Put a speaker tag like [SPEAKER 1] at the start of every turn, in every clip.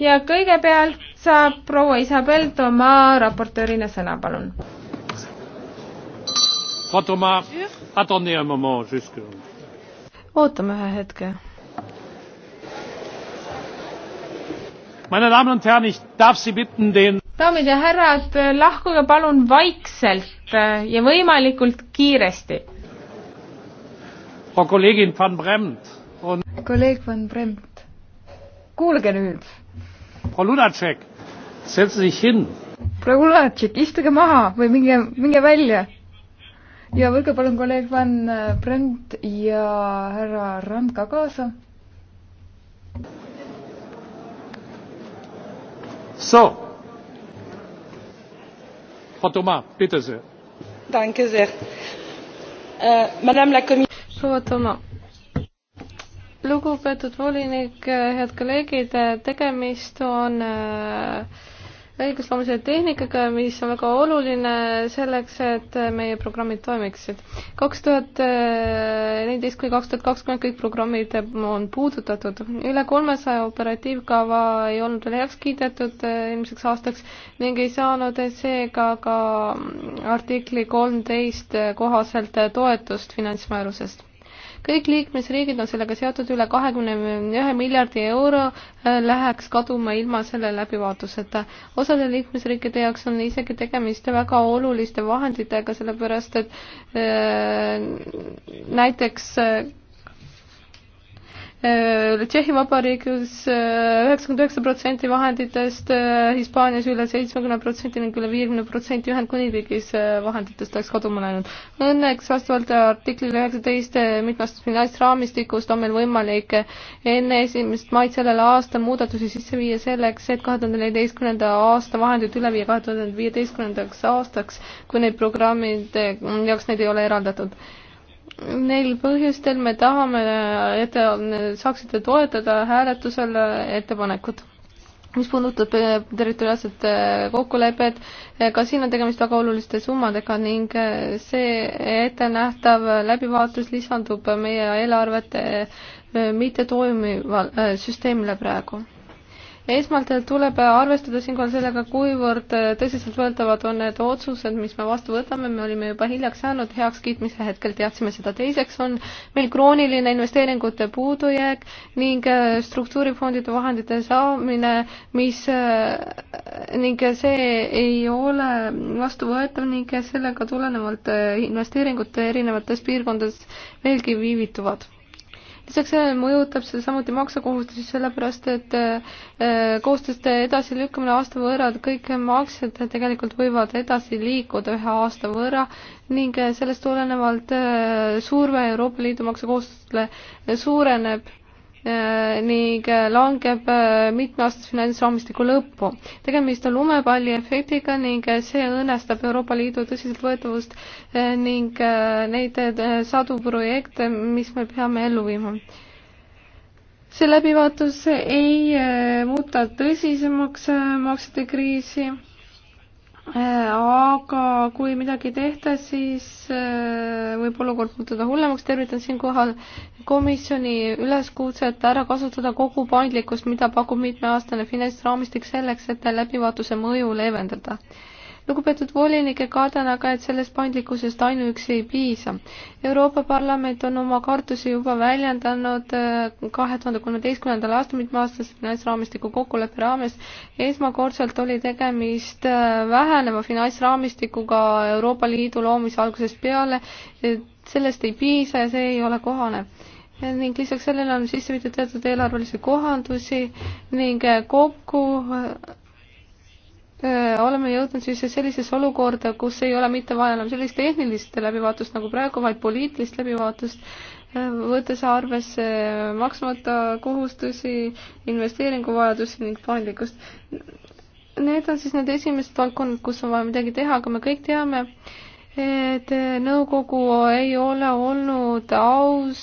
[SPEAKER 1] ja kõigepealt saab proua Isabel Toma raportöörina sõna, palun. ootame ühe hetke. daamid ja härrad, lahkuge palun vaikselt äh, ja võimalikult kiiresti. kolleeg Van Bremt, kuulge nüüd Frau Lunacek, setze dich hin.
[SPEAKER 2] proua Lunacek, istuge maha või minge, minge välja. ja võtke palun kolleeg Van äh, Brandt ja härra Rand ka kaasa.
[SPEAKER 1] So. Frau
[SPEAKER 3] Thomas, bitte sehr.
[SPEAKER 1] Danke sehr. Äh, Madame la Commissaire. Frau
[SPEAKER 3] Thomas lugupeetud volinik, head kolleegid, tegemist on äh, õigusloomise tehnikaga, mis on väga oluline selleks, et meie programmid toimiksid. kaks tuhat äh, neliteist kuni kaks tuhat kakskümmend kõik programmid on puudutatud. üle kolmesaja operatiivkava ei olnud veel heaks kiidetud äh, eelmiseks aastaks ning ei saanud seega ka artikli kolmteist kohaselt toetust finantsmäärusest kõik liikmesriigid on sellega seotud, üle kahekümne ühe miljardi euro äh, läheks kaduma ilma selle läbivaatuseta. osade liikmesriikide jaoks on isegi tegemist väga oluliste vahenditega, sellepärast et äh, näiteks äh, Äh, Tšehhi Vabariigis äh, üheksakümmend üheksa protsenti vahenditest, äh, Hispaanias üle seitsmekümne protsendi ning üle viiekümne protsendi Ühendkuningriigis vahenditest oleks kaduma läinud. Õnneks vastavalt artiklile üheksateist mitmest finantsraamistikust on meil võimalik enne esimest maid sellel aastal muudatusi sisse viia selleks, et kahe tuhande neljateistkümnenda aasta vahendid üle viia kahe tuhande viieteistkümnendaks aastaks, kui neid programmide jaoks neid ei ole eraldatud Neil põhjustel me tahame, et te saaksite toetada hääletusel ettepanekut mis puudutab eh, territoriaalset eh, kokkulepet, eh, ka siin on tegemist väga oluliste summadega ning see ettenähtav läbivaatus lisandub meie eelarvete mittetoimival süsteemile praegu esmalt tuleb arvestada siinkohal sellega, kuivõrd tõsiseltvõetavad on need otsused, mis me vastu võtame, me olime juba hiljaks jäänud, heakskiitmise hetkel teadsime seda. teiseks on meil krooniline investeeringute puudujääk ning äh, struktuurifondide vahendite saamine, mis äh, ning see ei ole vastuvõetav ning sellega tulenevalt äh, investeeringute erinevates piirkondades veelgi viivituvad lisaks sellele mõjutab seda samuti maksukohustusi, sellepärast et äh, kohustuste edasilükkamine aasta võrra, kõik maksed tegelikult võivad edasi liikuda ühe aasta võrra ning äh, sellest tulenevalt äh, surve Euroopa Liidu maksukohustustele suureneb Äh, ning äh, langeb äh, mitmeaastase finantsraamistiku lõppu. tegemist on lumepalli efektiga ning see õõnestab Euroopa Liidu tõsiseltvõetavust ning neid sadu projekte, mis me peame ellu viima. see läbivaatus ei muuta tõsisemaks maksete kriisi aga kui midagi ei tehta, siis äh, võib olukord muutuda hullemaks, tervitan siinkohal komisjoni üleskutset ära kasutada kogu paindlikkust, mida pakub mitmeaastane finantsraamistik selleks, et läbivaatuse mõju leevendada lugupeetud volinik, kardan aga, et sellest paindlikkusest ainuüksi ei piisa. Euroopa Parlament on oma kartusi juba väljendanud äh, kahe tuhande kolmeteistkümnendal aastal mitmeaastase finantsraamistiku kokkuleppe raames. esmakordselt oli tegemist äh, väheneva finantsraamistikuga Euroopa Liidu loomise algusest peale. sellest ei piisa ja see ei ole kohane ning lisaks sellele on sisse viidud teatud eelarvelisi kohandusi ning äh, kokku oleme jõudnud siis sellisesse olukorda, kus ei ole mitte vaja enam sellist tehnilist läbivaatust nagu praegu, vaid poliitilist läbivaatust, võttes arvesse maksmata kohustusi, investeeringuvajadusi ning paindlikkust. Need on siis need esimesed valdkonnad, kus on vaja midagi teha, aga me kõik teame, et nõukogu ei ole olnud aus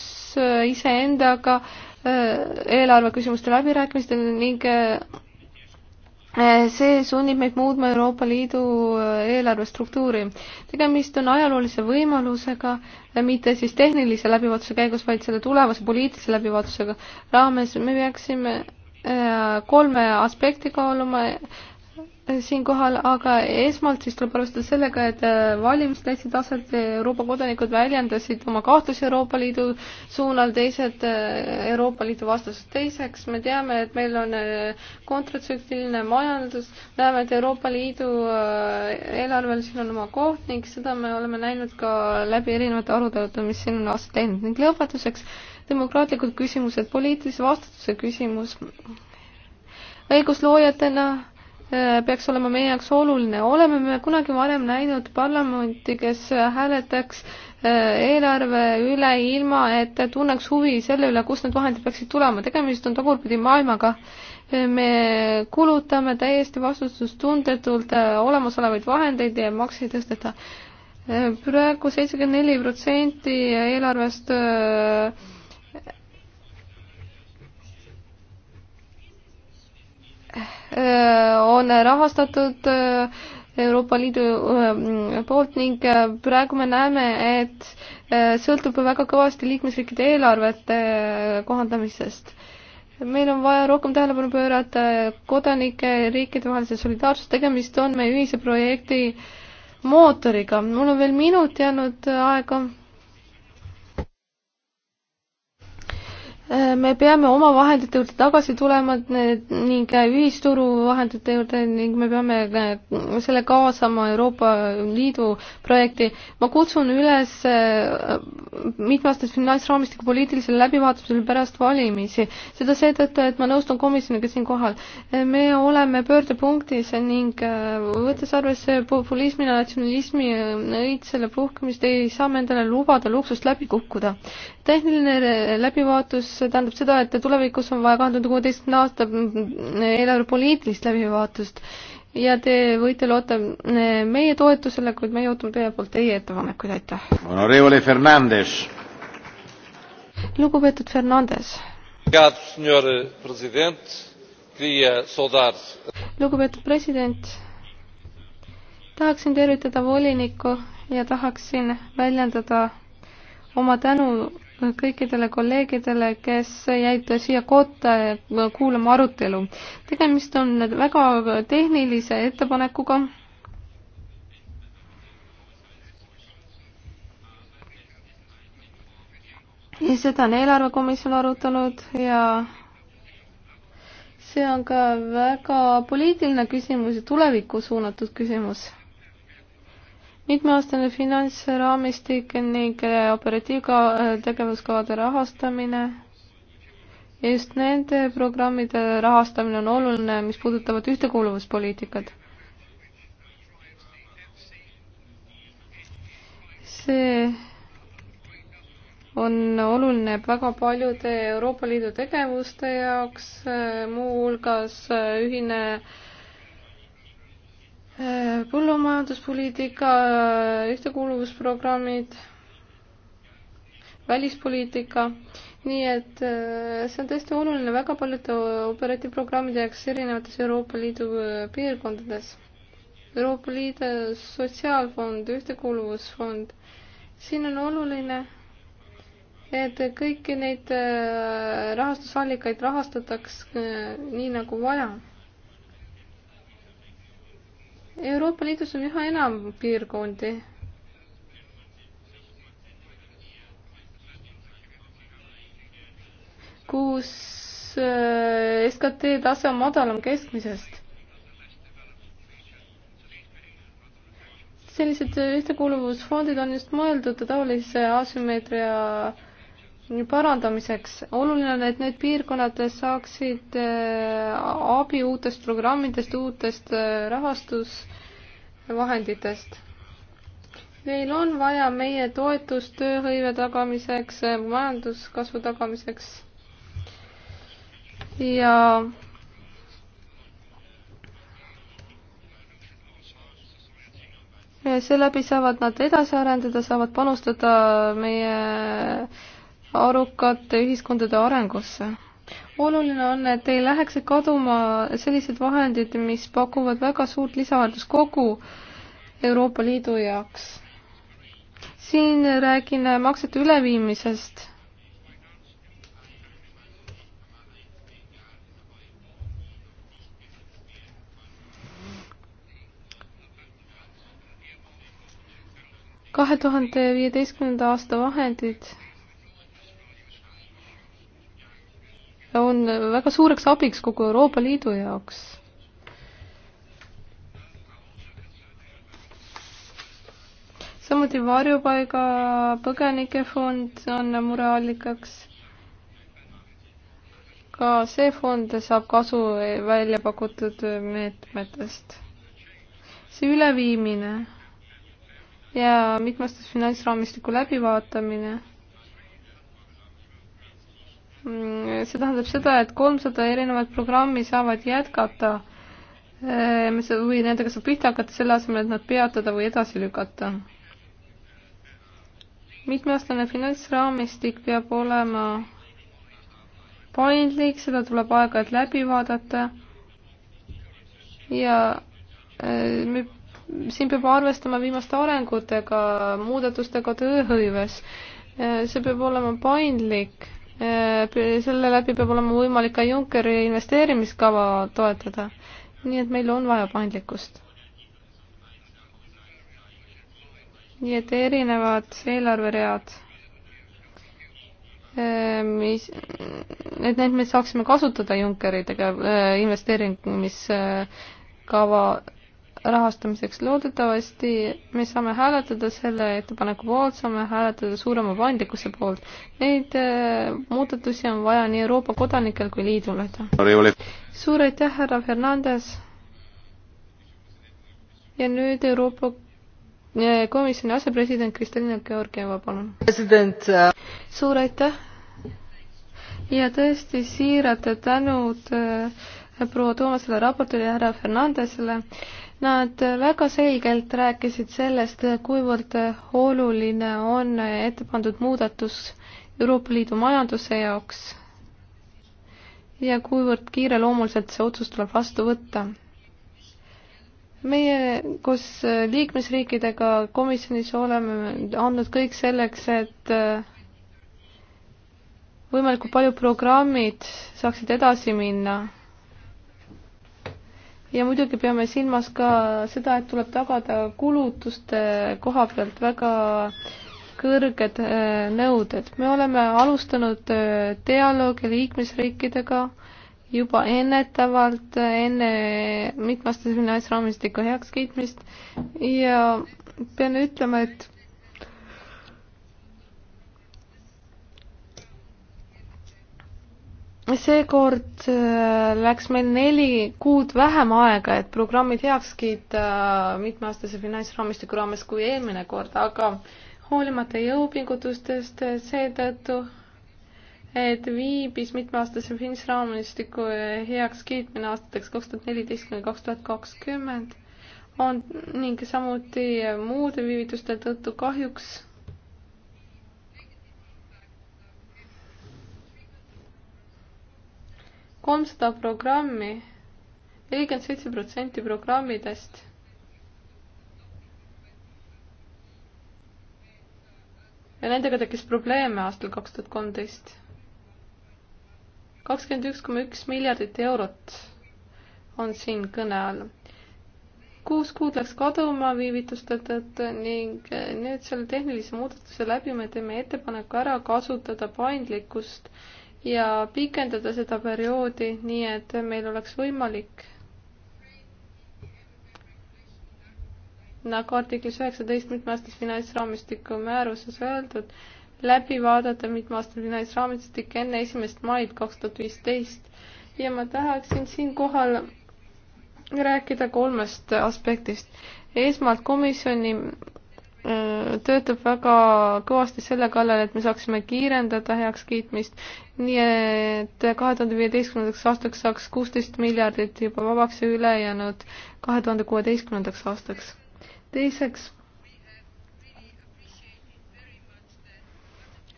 [SPEAKER 3] iseendaga eelarveküsimuste läbirääkimistel ning Eh, see sunnib meid muutma Euroopa Liidu eh, eelarvestruktuuri. tegemist on ajaloolise võimalusega, eh, mitte siis tehnilise läbivaatuse käigus, vaid selle tulevase poliitilise läbivaatusega raames me peaksime kolme aspekti kaaluma, siinkohal, aga esmalt siis tuleb arvestada sellega, et äh, valimised leidsid aset, Euroopa kodanikud väljendasid oma kahtlusi Euroopa Liidu suunal, teised äh, Euroopa Liidu vastased. teiseks me teame, et meil on äh, kontratsükliline majandus, näeme, et Euroopa Liidu eelarvel siin on oma koht ning seda me oleme näinud ka läbi erinevate arutelude, mis siin on aset läinud ning lõpetuseks demokraatlikud küsimused, poliitilise vastutuse küsimus. õigusloojatena Äh, peaks olema meie jaoks oluline. oleme me kunagi varem näinud parlamenti, kes hääletaks äh, eelarve üle ilma, et tunneks huvi selle üle, kust need vahendid peaksid tulema. tegemist on tagurpidi maailmaga. Äh, me kulutame täiesti vastutustundetult olemasolevaid vahendeid ja makse ei tõsteta. praegu seitsekümmend neli protsenti eelarvest öö, Äh, on rahastatud äh, Euroopa Liidu äh, poolt ning praegu me näeme, et sõltub väga kõvasti liikmesriikide eelarvete kohandamisest meil on vaja rohkem tähelepanu pöörata kodanike riikidevahelise solidaarsuse, tegemist on meie ühise projekti mootoriga. mul on veel minut jäänud aega me peame oma vahendite juurde tagasi tulema ning ühisturu vahendite juurde ning me peame selle kaasama Euroopa Liidu projekti. ma kutsun üles äh, mitmeaastast finantsraamistiku poliitilisele läbivaatusele pärast valimisi. seda seetõttu, et ma nõustun komisjoniga siinkohal. me oleme pöördepunktis ning äh, võttes arvesse populismi, natsionalismi äh, õitsele puhkemist, ei saa me endale lubada luksust läbi kukkuda. tehniline läbivaatus see tähendab seda, et tulevikus on vaja kahe tuhande kuueteistkümne aasta eelarvepoliitilist läbivaatust ja te võite loota eh, meie toetusele, kuid meie ootame teie poolt teie ettepanekuid, aitäh.
[SPEAKER 1] Honorevole Fernandes.
[SPEAKER 3] lugupeetud Fernandes. lugupeetud president, tahaksin tervitada volinikku ja tahaksin väljendada oma tänu kõikidele kolleegidele, kes jäid siia kotta kuulama arutelu. tegemist on väga tehnilise ettepanekuga. ja seda on eelarvekomisjon arutanud ja see on ka väga poliitiline küsimus ja tulevikku suunatud küsimus mitmeaastane finantsraamistik ning äh, operatiivka äh, tegevuskavade rahastamine. just nende programmide rahastamine on oluline, mis puudutavad ühtekuuluvuspoliitikat. see on oluline väga paljude Euroopa Liidu tegevuste jaoks, äh, muuhulgas ühine äh, põllumajanduspoliitika, ühtekuuluvusprogrammid, välispoliitika, nii et äh, see on tõesti oluline väga paljude operatiivprogrammide jaoks erinevates Euroopa Liidu äh, piirkondades. Euroopa Liidu Sotsiaalfond, Ühtekuuluvusfond, siin on oluline, et kõiki neid äh, rahastusallikaid rahastataks nii, nagu vaja Euroopa Liidus on üha enam piirkondi, kus äh, SKT tase on madalam keskmisest. sellised ühtekuuluvusfondid on just mõeldud taolise asümmeetria parandamiseks. oluline on, et need piirkonnad saaksid äh, abi uutest programmidest, uutest äh, rahastusvahenditest. Neil on vaja meie toetust tööhõive tagamiseks, äh, majanduskasvu tagamiseks ja seeläbi saavad nad edasi arendada, saavad panustada meie arukate ühiskondade arengusse. oluline on, et ei läheks kaduma sellised vahendid, mis pakuvad väga suurt lisaväärtust kogu Euroopa Liidu jaoks. siin räägin maksete üleviimisest kahe tuhande viieteistkümnenda aasta vahendid on väga suureks abiks kogu Euroopa Liidu jaoks. samuti varjupaiga põgenikefond on mureallikaks. ka see fond saab kasu välja pakutud meetmetest. see üleviimine ja mitmestes finantsraamistiku läbivaatamine Mm, see tähendab seda, et kolmsada erinevat programmi saavad jätkata eh, või nendega saab pihta hakata, selle asemel, et nad peatada või edasi lükata. mitmeaastane finantsraamistik peab olema paindlik, seda tuleb aeg-ajalt läbi vaadata ja eh, me siin peab arvestama viimaste arengutega, muudatustega tööhõives. Eh, see peab olema paindlik Äh, selle läbi peab olema võimalik ka Junckeri investeerimiskava toetada. nii et meil on vaja paindlikkust. nii et erinevad eelarveread, äh, mis, et neid me saaksime kasutada Junckeri tegev-, äh, investeerimiskava rahastamiseks. loodetavasti me saame hääletada selle ettepaneku poolt, saame hääletada suurema paindlikkuse poolt. Neid äh, muudatusi on vaja nii Euroopa kodanikel kui liidul, aitäh. suur aitäh, härra Fernandes. ja nüüd Euroopa äh, Komisjoni asepresident Kristalina Georgieva, palun. president uh.... suur aitäh ja tõesti siirad tänud äh, proua Toomasele raportile ja härra Fernandesele Nad väga selgelt rääkisid sellest, kuivõrd oluline on ette pandud muudatus Euroopa Liidu majanduse jaoks ja kuivõrd kiireloomuliselt see otsus tuleb vastu võtta. meie koos liikmesriikidega komisjonis oleme andnud kõik selleks, et võimalikult paljud programmid saaksid edasi minna ja muidugi peame silmas ka seda, et tuleb tagada kulutuste koha pealt väga kõrged äh, nõuded. me oleme alustanud äh, dialoogi liikmesriikidega juba ennetavalt, äh, enne mitmeaastase finantsraamistiku heakskiitmist ja pean ütlema, et seekord äh, läks meil neli kuud vähem aega, et programmid heaks kiita mitmeaastase finantsraamistiku raames kui eelmine kord, aga hoolimata jõupingutustest äh, seetõttu, et viibis mitmeaastase finantsraamistiku äh, heakskiitmine aastateks kaks tuhat neliteist kuni kaks tuhat kakskümmend on ning samuti muude viivituste tõttu kahjuks kolmsada programmi, nelikümmend seitse protsenti programmidest ja nendega tekkis probleeme aastal kaks tuhat kolmteist. kakskümmend üks koma üks miljardit eurot on siin kõne all. kuus kuud läks kaduma viivitustetult ning nüüd selle tehnilise muudatuse läbi me teeme ettepaneku ära kasutada paindlikkust ja pikendada seda perioodi nii, et meil oleks võimalik nagu artiklis üheksateist mitmeaastase finantsraamistiku määruses öeldud, läbi vaadata mitmeaastane finantsraamistik enne esimest maid kaks tuhat viisteist ja ma tahaksin siinkohal rääkida kolmest aspektist. esmalt komisjoni Äh, töötab väga kõvasti selle kallal, et me saaksime kiirendada heakskiitmist, nii et kahe tuhande viieteistkümnendaks aastaks saaks kuusteist miljardit juba vabaks ja ülejäänud kahe tuhande kuueteistkümnendaks aastaks. teiseks,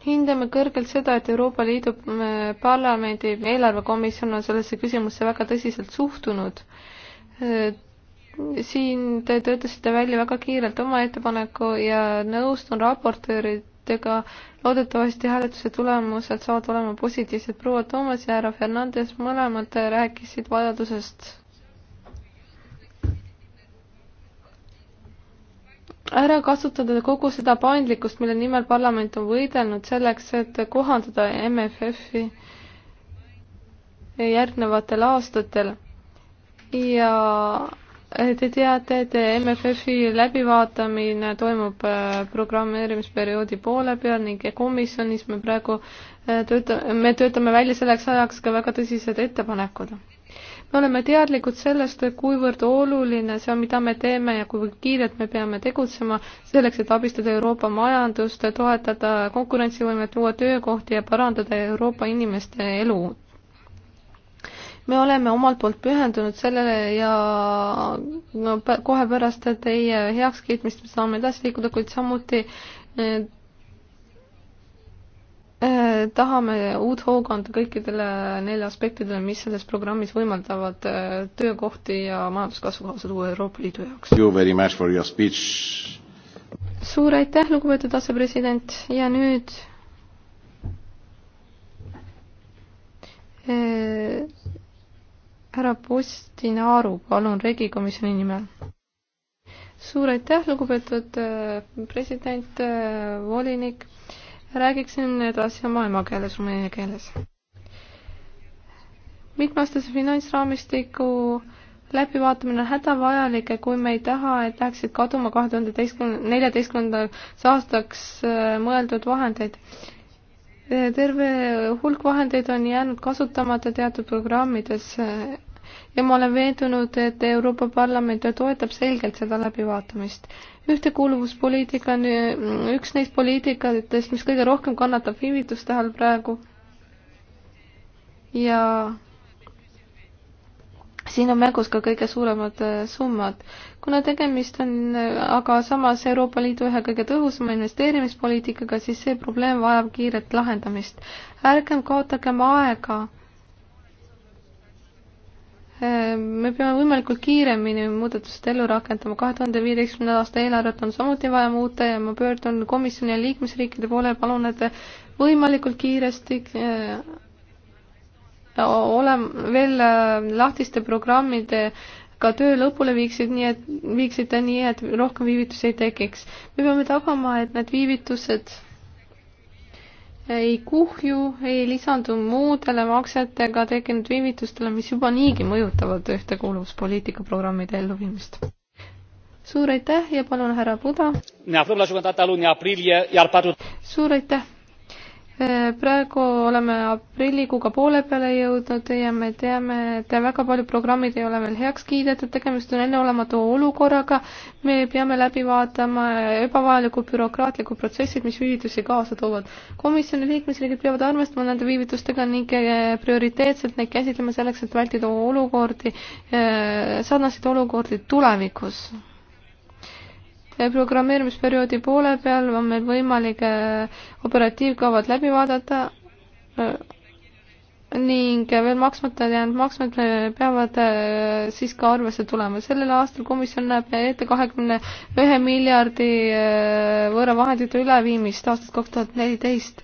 [SPEAKER 3] hindame kõrgelt seda, et Euroopa Liidu äh, Parlamendi eelarvekomisjon on sellesse küsimusse väga tõsiselt suhtunud äh, siin te töötasite välja väga kiirelt oma ettepaneku ja nõustun raportööridega. loodetavasti hääletuse tulemused saavad olema positiivsed. proua Toomas ja härra Fernandes mõlemad rääkisid vajadusest ära kasutada kogu seda paindlikkust, mille nimel parlament on võidelnud selleks, et kohandada MFF-i järgnevatel aastatel ja Äh, te teate, et MFF-i läbivaatamine toimub äh, programmeerimisperioodi poole peal ning komisjonis me praegu äh, tööta-, me töötame välja selleks ajaks ka väga tõsised ettepanekud. me oleme teadlikud sellest, kuivõrd oluline see on, mida me teeme ja kui kiirelt me peame tegutsema selleks, et abistada Euroopa majandust, toetada konkurentsivõimet, luua töökohti ja parandada Euroopa inimeste elu me oleme omalt poolt pühendunud sellele ja no, kohe pärast teie heakskiitmist me saame edasi liikuda, kuid samuti eh, eh tahame uut hoogu anda kõikidele neile aspektidele, mis selles programmis võimaldavad eh, töökohti ja majanduskasvu kaasa tuua Euroopa Liidu jaoks. suur aitäh, lugupeetud asepresident ja nüüd eh, härra Postinaru, palun, regikomisjoni nimel. suur aitäh, lugupeetud äh, president, äh, volinik. räägiksin edasi oma emakeeles, rumeenia keeles. mitmeaastase finantsraamistiku läbivaatamine on hädavajalik ja kui me ei taha, et läheksid kaduma kahe tuhande teistkümne, neljateistkümnendaks aastaks äh, mõeldud vahendeid terve hulk vahendeid on jäänud kasutamata teatud programmides ja ma olen veendunud, et Euroopa Parlament toetab selgelt seda läbivaatamist. ühtekuuluvuspoliitika on üks neist poliitikatest, mis kõige rohkem kannatab viivituste all praegu ja siin on mängus ka kõige suuremad äh, summad. kuna tegemist on äh, aga samas Euroopa Liidu ühe kõige tõhusama investeerimispoliitikaga, siis see probleem vajab kiiret lahendamist. ärgem kaotagem aega. Äh, me peame võimalikult kiiremini muudatused ellu rakendama, kahe tuhande viieteistkümnenda aasta eelarvet on samuti vaja muuta ja ma pöördun komisjoni ja liikmesriikide poole, palun, et võimalikult kiiresti ole-, veel äh, lahtiste programmide ka töö lõpule viiksid, nii et, viiksid ta nii, et rohkem viivitusi ei tekiks. me peame tagama, et need viivitused ei kuhju, ei lisandu muudele maksetega tekkinud viivitustele, mis juba niigi mõjutavad ühtekuuluvuspoliitika programmide elluviimist. suur aitäh ja palun, härra Buda. suur aitäh Eh, praegu oleme aprillikuuga poole peale jõudnud ja me teame, et väga paljud programmid ei ole veel heaks kiidetud, tegemist on enneolematu olukorraga. me peame läbi vaatama ebavajalikud bürokraatlikud protsessid, mis viivitusi kaasa toovad. komisjoni liikmesriigid peavad arvestama nende viivitustega ning eh, prioriteetselt neid käsitlema selleks, et vältida olukordi, eh, sarnaseid olukordi tulevikus programmeerimisperioodi poole peal on meil võimalik äh, operatiivkavad läbi vaadata äh, ning veel maksmata jäänud maksmed äh, peavad siis ka arvesse tulema. sellel aastal komisjon näeb ette kahekümne ühe miljardi võõra vahendite üleviimist aastast kaks tuhat neliteist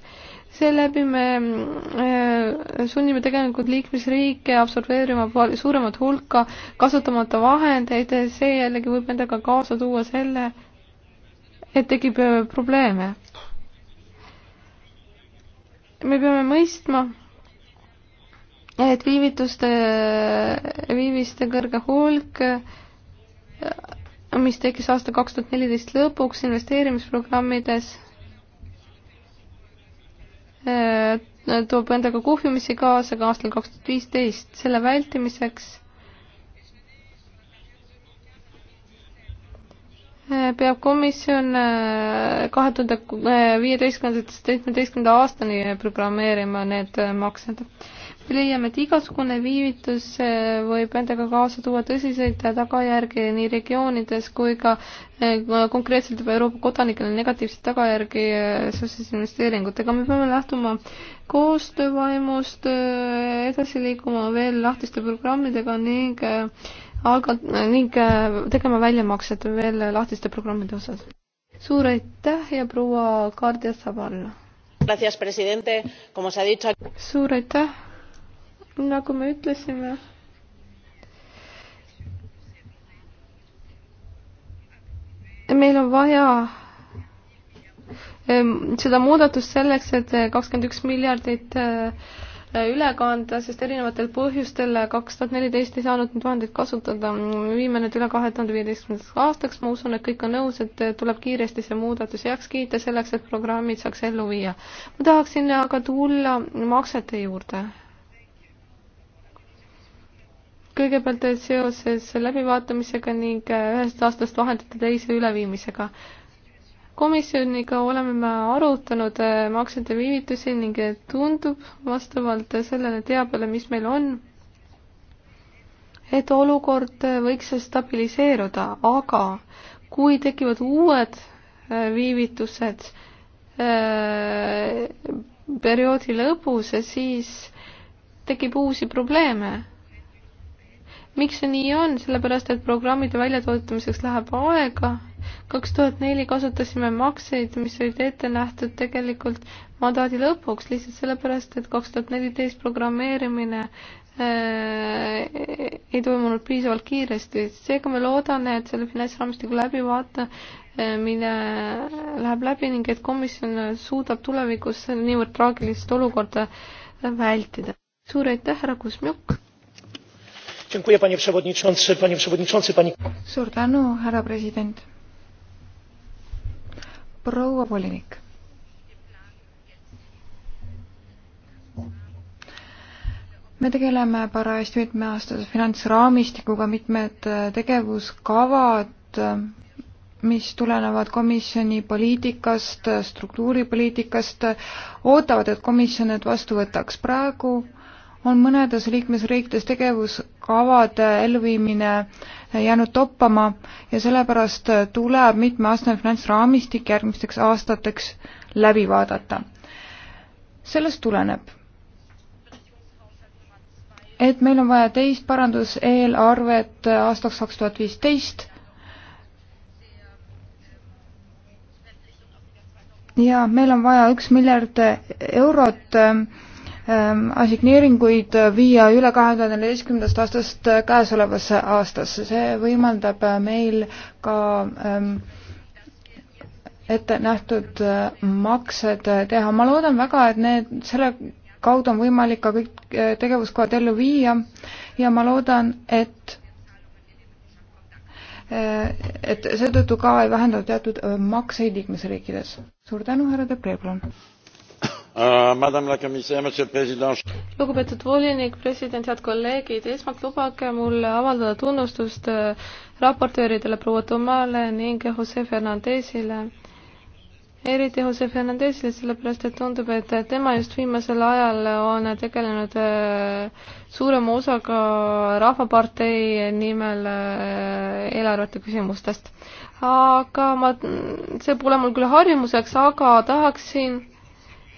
[SPEAKER 3] seeläbi me äh, sunnime tegelikult liikmesriike absorbeerima suuremat hulka kasutamata vahendeid, see jällegi võib endaga kaasa tuua selle, et tekib äh, probleeme. me peame mõistma, et viivituste, äh, viiviste kõrge hulk mis tekkis aasta kaks tuhat neliteist lõpuks investeerimisprogrammides Äh, toob endaga kuhjumisi kaasa ka aastal kaks tuhat viisteist. selle vältimiseks äh, peab komisjon äh, kahe tuhande viieteistkümnendast seitsmeteistkümnenda aastani programmeerima need maksed leiame, et igasugune viivitus eh, võib endaga kaasa tuua tõsiseid tagajärgi nii regioonides kui ka eh, konkreetselt juba Euroopa kodanikele negatiivseid tagajärgi eh, seoses investeeringutega. me peame lähtuma koostöövaimust, edasi liikuma veel lahtiste programmidega ning algat-, ning tegema väljamaksed veel lahtiste programmide osas. suur aitäh ja proua Kardia Saval! suur aitäh! nagu me ütlesime, meil on vaja ehm, seda muudatust selleks, et kakskümmend üks miljardit äh, üle kanda, sest erinevatel põhjustel kaks tuhat neliteist ei saanud neid vahendeid kasutada. viime need üle kahe tuhande viieteistkümnendaks aastaks, ma usun, et kõik on nõus, et äh, tuleb kiiresti see muudatus heaks kiita selleks, et programmid saaks ellu viia. ma tahaksin aga tulla maksete juurde kõigepealt seoses läbivaatamisega ning äh, ühest aastast vahendite teise üleviimisega. komisjoniga oleme me arutanud äh, maksete viivitusi ning äh, tundub vastavalt sellele teabele, mis meil on, et olukord võiks stabiliseeruda, aga kui tekivad uued viivitused perioodi lõpus, siis tekib uusi probleeme miks see nii on, sellepärast et programmide väljatöötamiseks läheb aega. kaks tuhat neli kasutasime makseid, mis olid ette nähtud tegelikult mandaadi lõpuks, lihtsalt sellepärast, et kaks tuhat neliteist programmeerimine äh, ei toimunud piisavalt kiiresti, seega me loodame, et selle finantsraamistiku läbivaate äh, mille läheb läbi ning et komisjon suudab tulevikus niivõrd traagilist olukorda vältida. suur aitäh, härra Kuzmjuk! panie
[SPEAKER 1] przewodniczący! panie przewodniczący pani.
[SPEAKER 3] suur tänu härra president
[SPEAKER 1] proua volinik
[SPEAKER 2] me tegeleme parajasti mitmeaastase finantsraamistikuga mitmed äh, tegevuskavad äh, mis tulenevad komisjoni poliitikast äh, struktuuripoliitikast ootavad et komisjon need vastu võtaks praegu on mõnedes liikmesriikides tegevuskavade elluviimine jäänud toppama ja sellepärast tuleb mitmeaastane finantsraamistik järgmisteks aastateks läbi vaadata. sellest tuleneb, et meil on vaja teist paranduseelarvet aastaks kaks tuhat viisteist ja meil on vaja üks miljard eurot Ähm, assigneeringuid viia üle kahe tuhande neljateistkümnendast aastast äh, käesolevasse aastasse. see võimaldab äh, meil ka ähm, ette nähtud äh, maksed teha. ma loodan väga, et need, selle kaudu on võimalik ka kõik tegevuskohad ellu viia ja ma loodan, et et seetõttu ka ei vähendata teatud makseid liikmesriikides. suur tänu, härra Debrevlon! Euh,
[SPEAKER 3] lugupeetud volinik president head kolleegid esmalt lubage mul avaldada tunnustust äh, raportööridele proua tomale ning jose fernandesile eriti jose fernandesile sellepärast et tundub et tema just viimasel ajal on tegelenud äh, suurema osaga rahvapartei nimel äh, eelarvete küsimustest aga ma see pole mul küll harjumuseks aga tahaksin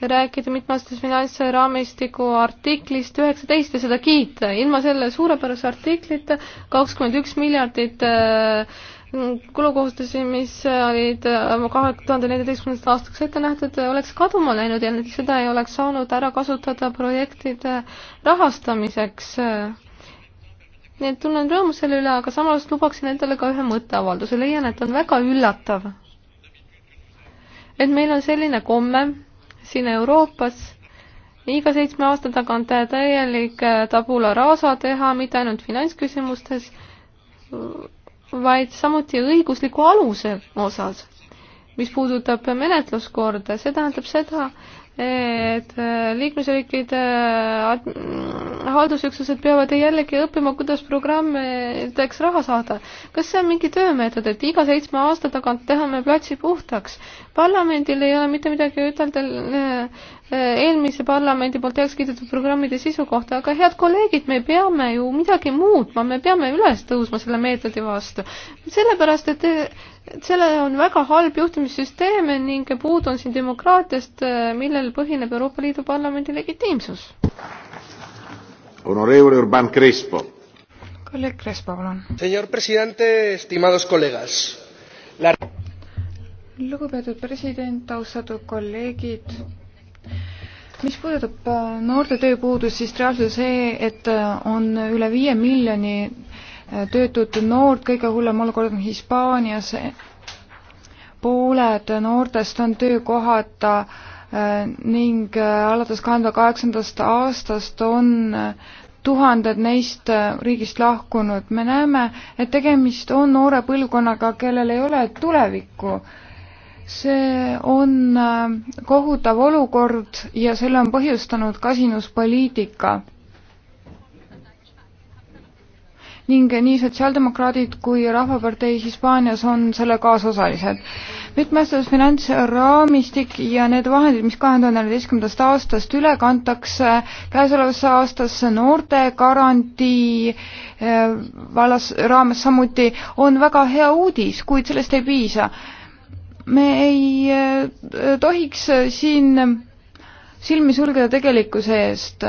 [SPEAKER 3] rääkida mitmeaastase finantsraamistiku artiklist üheksateist ja seda kiita. ilma selle suurepärase artiklita kakskümmend üks miljardit äh, kulukohustusi, mis olid äh, kahe tuhande neljateistkümnendast aastaks ette nähtud, oleks kaduma läinud ja seda ei oleks saanud ära kasutada projektide rahastamiseks. nii et tunnen rõõmu selle üle, aga samas lubaksin endale ka ühe mõtteavalduse, leian, et on väga üllatav, et meil on selline komme, siin Euroopas iga seitsme aasta tagant täielik äh, tabula rasa teha, mitte ainult finantsküsimustes, vaid samuti õigusliku aluse osas, mis puudutab menetluskorda, see tähendab seda, et äh, liikmesriikide äh, haldusüksused peavad jällegi õppima, kuidas programmideks raha saada. kas see on mingi töömeetod, et iga seitsme aasta tagant teha me platsi puhtaks? parlamendil ei ole mitte midagi ütelda äh, eelmise parlamendi poolt heaks kiidetud programmide sisu kohta, aga head kolleegid, me peame ju midagi muutma, me peame üles tõusma selle meetodi vastu. sellepärast, et selle on väga halb juhtimissüsteem ning puudu on siin demokraatiast, millel põhineb Euroopa Liidu Parlamendi legitiimsus. Honorevole Urban Crespo.
[SPEAKER 2] kolleeg Crespo, palun. Senor presidente, estimados colegas La.... lugupeetud president, austatud kolleegid mis puudutab äh, noorte tööpuudust, siis reaalsus see, et äh, on üle viie miljoni äh, töötut noort, kõige hullem olukord on Hispaanias. pooled noortest on töökohata ning alates kahe tuhande kaheksandast aastast on tuhanded neist riigist lahkunud. me näeme, et tegemist on noore põlvkonnaga, kellel ei ole tulevikku see on äh, kohutav olukord ja selle on põhjustanud kasinuspoliitika. ning nii sotsiaaldemokraadid kui Rahvapartei Hispaanias on selle kaasosalised. mitmestes finantsraamistik ja need vahendid, mis kahe tuhande neljateistkümnendast aastast üle kantakse käesolevasse aastasse noortegarantii äh, vallas, raames samuti, on väga hea uudis, kuid sellest ei piisa me ei eh, tohiks siin silmi sulgeda tegelikkuse eest.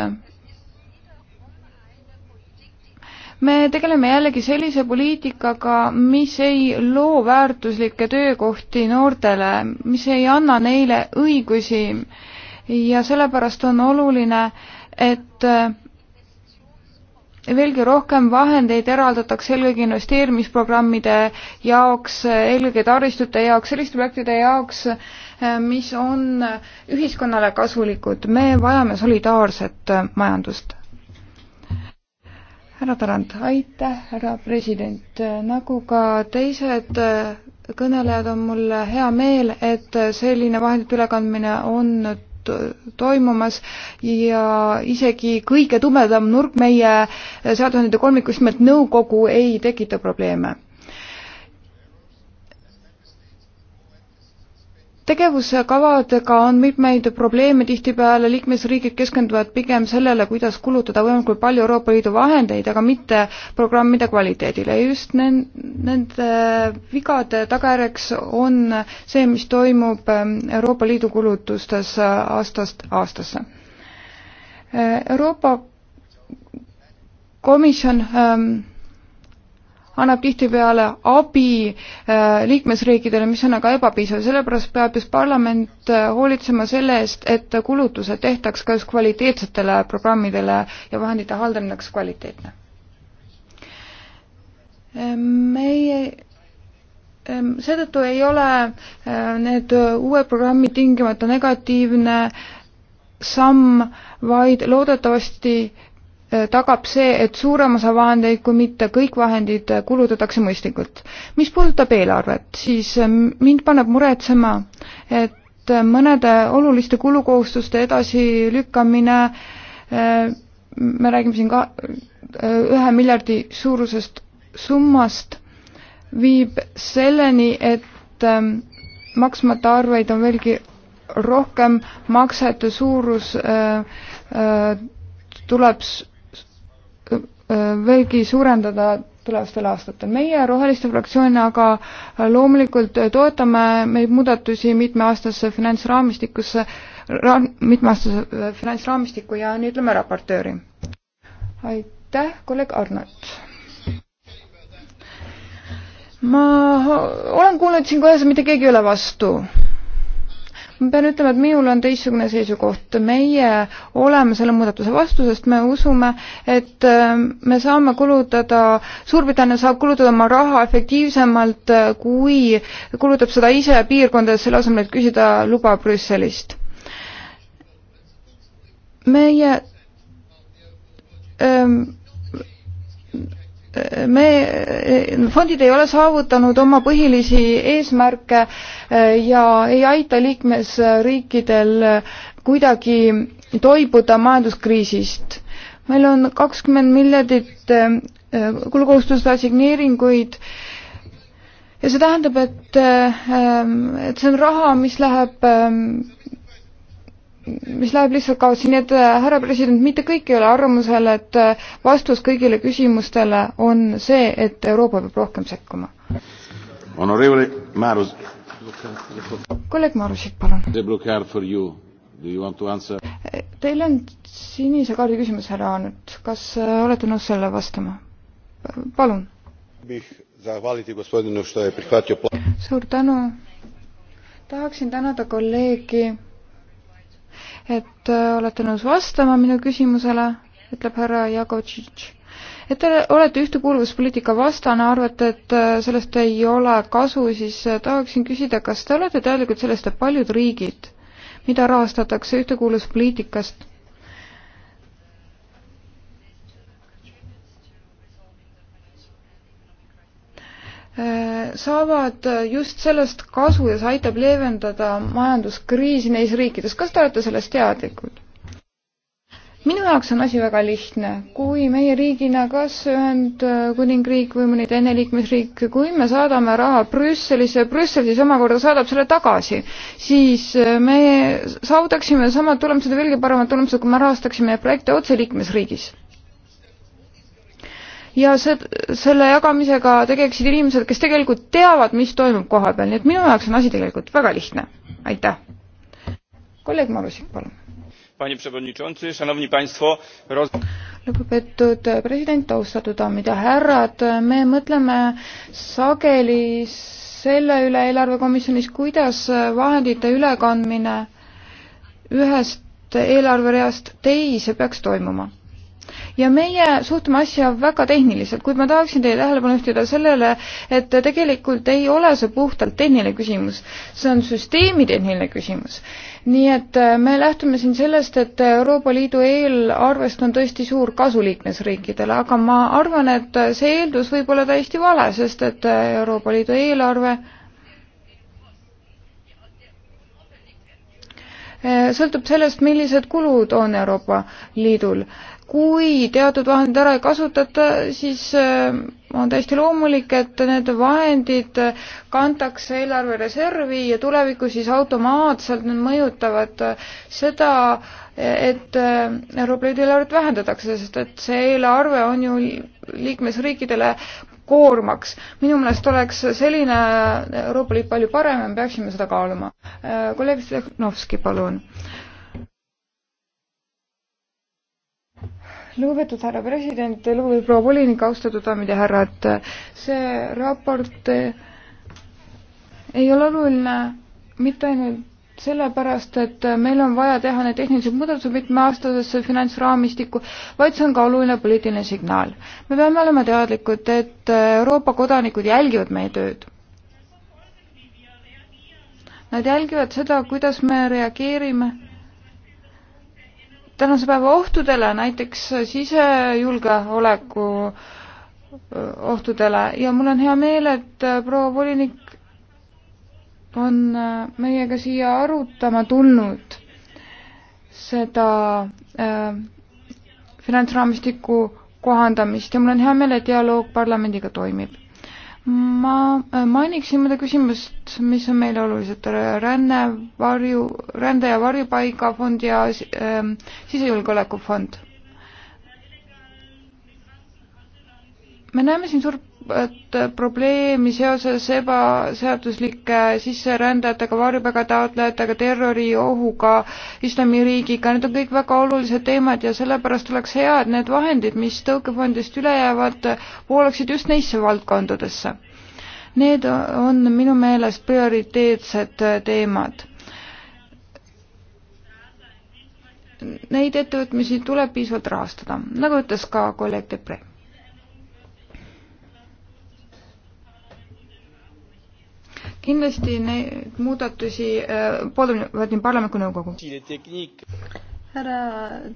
[SPEAKER 2] me tegeleme jällegi sellise poliitikaga, mis ei loo väärtuslikke töökohti noortele, mis ei anna neile õigusi ja sellepärast on oluline, et äh, veelgi rohkem vahendeid eraldatakse eelkõige investeerimisprogrammide jaoks, eelkõige taristute jaoks, selliste projektide jaoks, eh, mis on ühiskonnale kasulikud. me vajame solidaarset eh, majandust. härra Tarand, aitäh, härra president. nagu ka teised eh, kõnelejad, on mul hea meel, et selline vahendite ülekandmine on toimumas ja isegi kõige tumedam nurk meie seadusandjate kolmikust, nimelt nõukogu ei tekita probleeme tegevuskavadega on mitmeid probleeme, tihtipeale liikmesriigid keskenduvad pigem sellele, kuidas kulutada võimalikult palju Euroopa Liidu vahendeid, aga mitte programmide kvaliteedile ja just nende vigade tagajärjeks on see, mis toimub ähm, Euroopa Liidu kulutustes äh, aastast aastasse. Äh, Euroopa Komisjon ähm, annab tihtipeale abi äh, liikmesriikidele, mis on aga ebapiisav, sellepärast peab just parlament äh, hoolitsema selle eest, et kulutused tehtaks ka just kvaliteetsetele programmidele ja vahendite haldamine oleks kvaliteetne. Äh, meie ähm, seetõttu ei ole need uued programmid tingimata negatiivne samm, vaid loodetavasti Äh, tagab see, et suurem osa vahendeid, kui mitte kõik vahendid, äh, kulutatakse mõistlikult. mis puudutab eelarvet, siis äh, mind paneb muretsema, et mõnede oluliste kulukohustuste edasilükkamine, me räägime siin ka ühe miljardi suurusest summast, viib selleni, et ähm, maksmata arveid on veelgi rohkem, maksete suurus tuleb Äh, veelgi suurendada tulevastel aastatel. meie Roheliste fraktsioonina aga loomulikult toetame neid muudatusi mitmeaastasse finantsraamistikusse, mitmeaastase äh, finantsraamistiku ja nüüd ütleme raportööri. aitäh, kolleeg Arnold. ma olen kuulnud siin kohe, mitte keegi ei ole vastu ma pean ütlema, et minul on teistsugune seisukoht. meie oleme selle muudatuse vastu, sest me usume, et äh, me saame kulutada, Suurbritannia saab kulutada oma raha efektiivsemalt, äh, kui kulutab seda ise piirkondades, selle asemel, et küsida luba Brüsselist. meie ähm, me, fondid ei ole saavutanud oma põhilisi eesmärke e, ja ei aita liikmesriikidel kuidagi toibuda majanduskriisist. meil on kakskümmend miljardit e, kulukohustuste assigneeringuid ja see tähendab, et, e, et see on raha, mis läheb mis läheb lihtsalt kaotsi, nii et äh, härra president, mitte kõik ei ole arvamusel, et äh, vastus kõigile küsimustele on see, et Euroopa peab rohkem sekkuma.
[SPEAKER 3] kolleeg Marusik, palun. Äh,
[SPEAKER 2] teil on sinise kaardi küsimus, härra Aanut, kas olete nõus sellele vastama? palun. suur tänu. tahaksin tänada kolleegi et äh, olete nõus vastama minu küsimusele, ütleb härra Jakovtšitš. et te olete ühtekuuluvuspoliitika vastane, arvate, et äh, sellest ei ole kasu, siis äh, tahaksin küsida, kas te olete teadlikud sellest, et paljud riigid, mida rahastatakse ühtekuuluvuspoliitikast, Äh, saavad just sellest kasu ja see aitab leevendada majanduskriisi neis riikides. kas te olete sellest teadlikud? minu jaoks on asi väga lihtne. kui meie riigina, kas Ühendkuningriik äh, või mõni teine liikmesriik, kui me saadame raha Brüsselisse, Brüssel siis omakorda saadab selle tagasi, siis äh, me saavutaksime samad tulemused ja veelgi paremad tulemused, kui me rahastaksime projekte otse liikmesriigis ja see, selle jagamisega tegeleksid inimesed, kes tegelikult teavad, mis toimub kohapeal, nii et minu jaoks on asi tegelikult väga lihtne. aitäh. kolleeg Marusik, palun. lugupeetud president, austatud daamid ja härrad, me mõtleme sageli selle üle eelarvekomisjonis, kuidas vahendite ülekandmine ühest eelarvereast teise peaks toimuma ja meie suhtume asja väga tehniliselt, kuid ma tahaksin teie tähelepanu juhtida sellele, et tegelikult ei ole see puhtalt tehniline küsimus, see on süsteemi tehniline küsimus. nii et äh, me lähtume siin sellest, et Euroopa Liidu eelarvest on tõesti suur kasu liikmesriikidele, aga ma arvan, et see eeldus võib olla täiesti vale, sest et äh, Euroopa Liidu eelarve äh, sõltub sellest, millised kulud on Euroopa Liidul kui teatud vahendeid ära ei kasutata, siis äh, on täiesti loomulik, et need vahendid kantakse eelarvereservi ja tulevikus siis automaatselt need mõjutavad äh, seda, et äh, Euroopa Liidu eelarvet vähendatakse, sest et see eelarve on ju liikmesriikidele koormaks. minu meelest oleks selline Euroopa Liit palju parem ja me peaksime seda kaaluma. kolleeg Stehhanovski, palun lugupeetud härra president, lugupeetud proua volinik, austatud daamid ja härrad, see raport ei ole oluline mitte ainult sellepärast, et meil on vaja teha need tehnilised muudatused mitmeaastasesse finantsraamistikku, vaid see on ka oluline poliitiline signaal. me peame olema teadlikud, et Euroopa kodanikud jälgivad meie tööd. Nad jälgivad seda, kuidas me reageerime tänase päeva ohtudele, näiteks sisejulgeoleku ohtudele ja mul on hea meel, et proua volinik on meiega siia arutama tulnud seda äh, finantsraamistiku kohandamist ja mul on hea meel, et dialoog parlamendiga toimib ma äh, mainiksin mõnda küsimust, mis on meile olulised, äh, ränne, varju, rände- ja varjupaigafond ja äh, sisejulgeolekufond. me näeme siin suurt suuremat probleemi seoses ebaseaduslike sisserändajatega, varjupaigataotlejatega, terroriohuga, islamiriigiga, need on kõik väga olulised teemad ja sellepärast oleks hea, et need vahendid, mis tõukefondist üle jäävad, voolaksid just neisse valdkondadesse. Need on minu meelest prioriteetsed teemad neid ettevõtmisi tuleb piisavalt rahastada, nagu ütles ka kolleeg Depre kindlasti neid muudatusi äh, pooldavad nii parlament kui nõukogu.
[SPEAKER 3] härra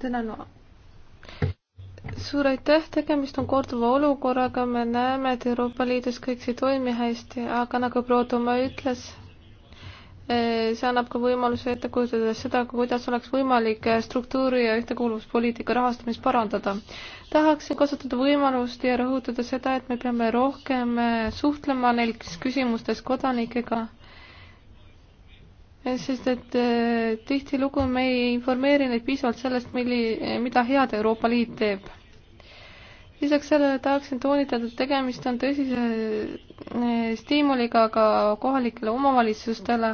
[SPEAKER 3] Tõnanu, suur aitäh, tegemist on korduva olukorraga, me näeme, et Euroopa Liidus kõik see ei toimi hästi, aga nagu proua Toma ütles, Eh, see annab ka võimaluse ette kujutada seda, kuidas oleks võimalik eh, struktuuri ja ühtekuuluvuspoliitika rahastamist parandada. tahaksin kasutada võimalust ja rõhutada seda, et me peame rohkem eh, suhtlema neis küsimustes kodanikega, sest et tihtilugu me ei informeeri neid piisavalt sellest, milli, mida head Euroopa Liit teeb lisaks sellele tahaksin toonitada, et tegemist on tõsise eh, stiimuliga ka kohalikele omavalitsustele,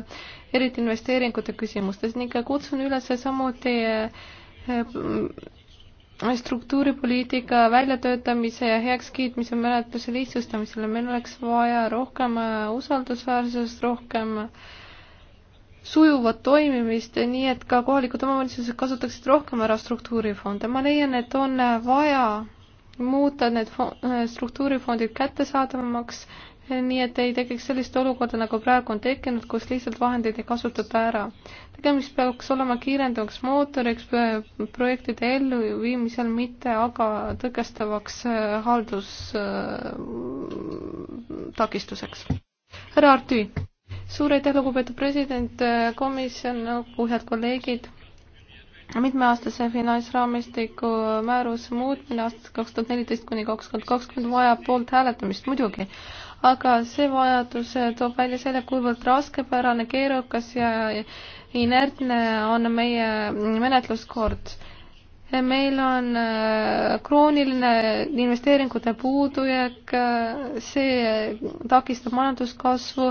[SPEAKER 3] eriti investeeringute küsimustes ning kutsun üles samuti eh, struktuuripoliitika väljatöötamise ja heakskiitmise menetluse lihtsustamisele. meil oleks vaja rohkem eh, usaldusväärsust, rohkem sujuvat toimimist, nii et ka kohalikud omavalitsused kasutaksid rohkem ära struktuurifonde. ma leian, et on vaja muuta need äh, struktuurifondid kättesaadavamaks, nii et ei tekiks sellist olukorda, nagu praegu on tekkinud, kus lihtsalt vahendeid ei kasutata ära. tegemist peaks olema kiirendavaks mootoriks äh, projektide elluviimisel, mitte aga tõkestavaks äh, haldustakistuseks. härra Artüi, suur aitäh, lugupeetud president, komisjon, head kolleegid mitmeaastase finantsraamistiku määruse muutmine aastast kaks tuhat neliteist kuni kaks tuhat kakskümmend vajab poolt hääletamist muidugi, aga see vajadus toob välja selle, kuivõrd raskepärane, keerukas ja inertne on meie menetluskord. meil on äh, krooniline investeeringute puudujääk, äh, see takistab majanduskasvu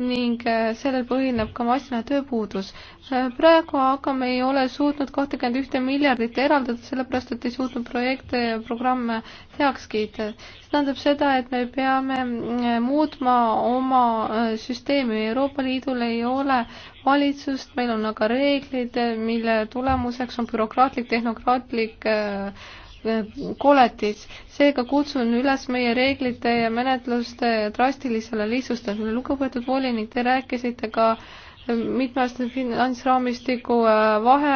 [SPEAKER 3] ning äh, sellel põhineb ka massiline tööpuudus. Äh, praegu aga me ei ole suutnud kahtekümmend ühte miljardit eraldada, sellepärast et ei suutnud projekte ja programme heaks kiita. see tähendab seda, et me peame äh, muutma oma süsteemi, Euroopa Liidul ei ole valitsust, meil on aga reeglid, mille tulemuseks on bürokraatlik, tehnokraatlik äh, koletis. seega kutsun üles meie reeglite ja menetluste drastilisele lihtsustamisele. lugupeetud volinik, te rääkisite ka äh, mitmeaastase finantsraamistiku äh, vahe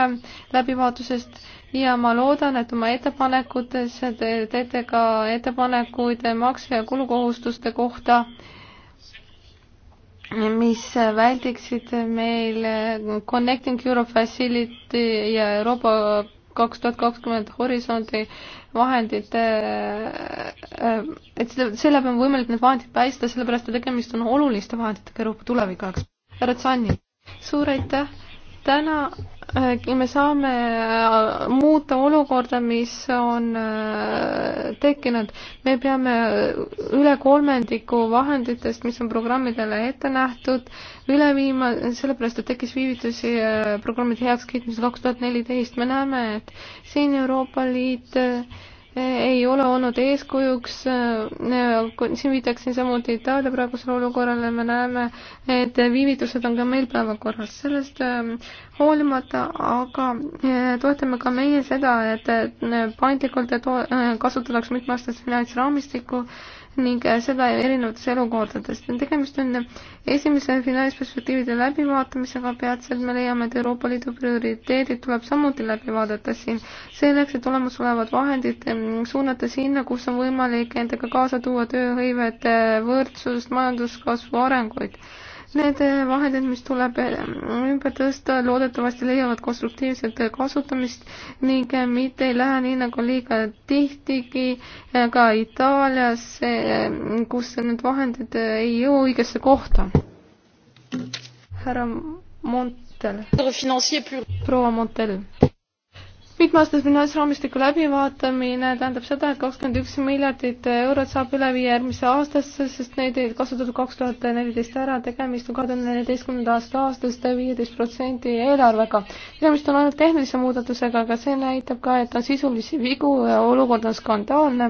[SPEAKER 3] läbivaatusest ja ma loodan, et oma ettepanekutes te teete ka ettepanekuid makse- ja kulukohustuste kohta, mis väldiksid meil Connecting Europe Facility ja Euroopa kaks tuhat kakskümmend horisondi vahendite, äh, äh, et seda, selle peame võimalik need vahendid päästa, sellepärast et tegemist on oluliste vahenditega Euroopa tuleviku jaoks. härra Tsanni, suur aitäh, täna Äh, me saame äh, muuta olukorda, mis on äh, tekkinud. me peame üle kolmandiku vahenditest, mis on programmidele ette nähtud, üle viima, sellepärast et tekkis viivitusi programmide heakskiitmisel kaks tuhat neliteist. me näeme, et siin Euroopa Liit ei ole olnud eeskujuks, siin viitaksin samuti Itaalia praegusele olukorrale, me näeme, et viivitused on ka meil päevakorras, sellest ähm, hoolimata, aga äh, toetame ka meie seda, et äh, paindlikult äh, kasutatakse mitmeaastast finantsraamistikku äh, ning äh, seda erinevates elukordades. tegemist on esimese finantsperspektiivide läbivaatamisega, peatselt me leiame, et Euroopa Liidu prioriteedid tuleb samuti läbi vaadata siin, selleks, et olemasolevad vahendid mm, suunata sinna, kus on võimalik endaga kaasa tuua tööhõivet, äh, võrdsust, majanduskasvu, arenguid Need äh, vahendid, mis tuleb äh, ümber tõsta, loodetavasti leiavad konstruktiivset äh, kasutamist ning mitte ei lähe nii nagu liiga tihtigi ka Itaalias, kus need vahendid ei jõua õigesse kohta. härra Montel, proua Montel mitmeaastase finantsraamistiku läbivaatamine tähendab seda, et kakskümmend üks miljardit eurot saab üle viia järgmisse aastasse, sest neid ei kasutatud kaks tuhat neliteist ära, tegemist on kahe tuhande neljateistkümnenda aasta aastast viieteist protsendi eelarvega. tegemist on ainult tehnilise muudatusega, aga see näitab ka, et on sisulisi vigu ja olukord on skandaalne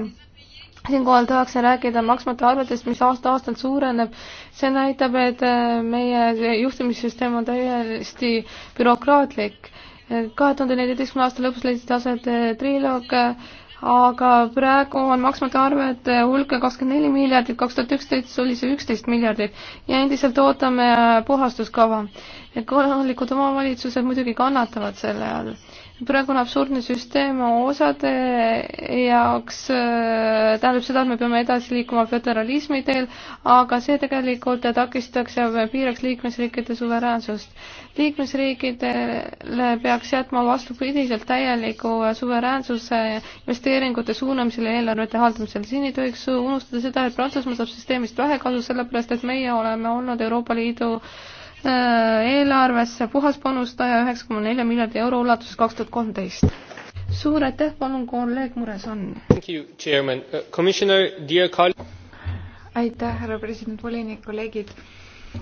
[SPEAKER 3] siinkohal tahaksin rääkida maksmata arvetest, mis aasta-aastalt suureneb. see näitab, et meie juhtimissüsteem on täiesti bürokraatlik kahe tuhande neljateistkümne aasta lõpus leidsid aset eh, triloog, aga praegu on maksmata arved eh, hulk kakskümmend neli miljardit, kaks tuhat üksteist oli see üksteist miljardit ja endiselt ootame eh, puhastuskava. kohalikud omavalitsused muidugi kannatavad selle all praegu on absurdne süsteem osade jaoks äh, tähendab seda, et me peame edasi liikuma föderalismi teel, aga see tegelikult takistaks ja piiraks liikmesriikide suveräänsust. liikmesriikidele peaks jätma vastupidiselt täieliku suveräänsuse investeeringute suunamisel ja eelarvete haldamisel. siin ei tohiks unustada seda, et Prantsusmaa saab süsteemist vähe kasu, sellepärast et meie oleme olnud Euroopa Liidu äh, Äh, eelarvesse puhaspanustaja üheksa koma nelja miljardi euro ulatuses kaks tuhat kolmteist. suur aitäh, palun, kolleeg Muresan. Uh,
[SPEAKER 2] aitäh, härra president, volinik, kolleegid.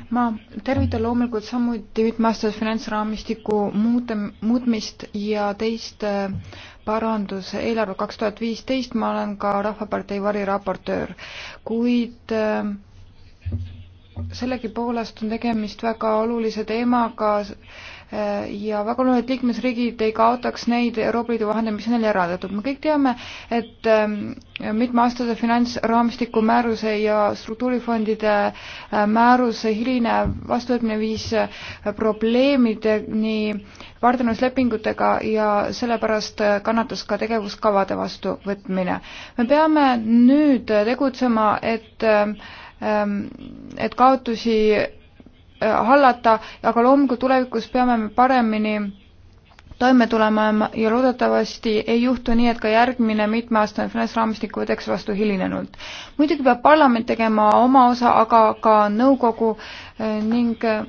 [SPEAKER 2] ma tervitan loomulikult samuti mitmeaastase finantsraamistiku muute, muutmist ja teist äh, parandus eelarve kaks tuhat viisteist, ma olen ka Rahvapartei variraportöör, kuid äh, sellegipoolest on tegemist väga olulise teemaga äh, ja väga oluline, et liikmesriigid ei kaotaks neid Euroopa Liidu vahendeid, mis neile eraldatud. me kõik teame, et ähm, mitmeaastase finantsraamistiku määruse ja struktuurifondide äh, määruse hiline vastuvõtmine viis äh, probleemideni partnerluslepingutega ja sellepärast kannatas ka tegevuskavade vastuvõtmine. me peame nüüd tegutsema, et ähm, Ähm, et kaotusi äh, hallata, aga loomulikult tulevikus peame me paremini toime tulema ja loodetavasti ei juhtu nii, et ka järgmine mitmeaastane finantsraamistik võetakse vastu hilinenult. muidugi peab parlament tegema oma osa, aga ka nõukogu äh, ning äh,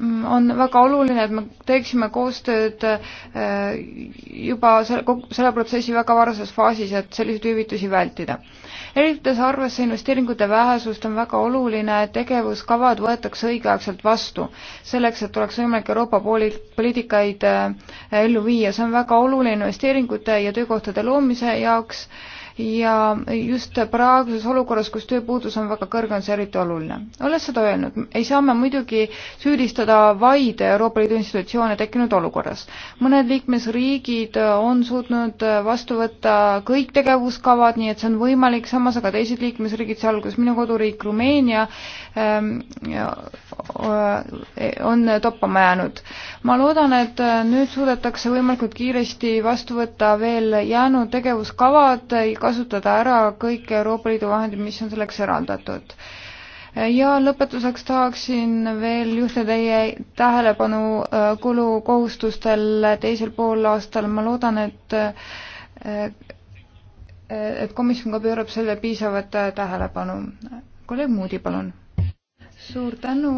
[SPEAKER 2] Mm, on väga oluline, et me teeksime koostööd äh, juba selle, kogu selle protsessi väga varases faasis, et selliseid hüvitusi vältida. erites arvesse investeeringute vähesust, on väga oluline, et tegevuskavad võetakse õigeaegselt vastu, selleks et oleks võimalik Euroopa pooli-, poliitikaid äh, ellu viia, see on väga oluline investeeringute ja töökohtade loomise jaoks äh, ja just praeguses olukorras, kus tööpuudus on väga kõrge, on see eriti oluline. olles seda öelnud, ei saa me muidugi süüdistada vaid Euroopa Liidu institutsioone tekkinud olukorras. mõned liikmesriigid on suutnud vastu võtta kõik tegevuskavad, nii et see on võimalik, samas aga teised liikmesriigid, sealhulgas minu koduriik Rumeenia, Ehm, e, on toppama jäänud. ma loodan, et e, nüüd suudetakse võimalikult kiiresti vastu võtta veel jäänud tegevuskavad, kasutada ära kõik Euroopa Liidu vahendid, mis on selleks eraldatud e, ja lõpetuseks tahaksin veel juhtida teie tähelepanu kulukohustustele teisel poolaastal, ma loodan, et et komisjon ka pöörab selle piisavat tähelepanu. kolleeg Moodi, palun suur tänu.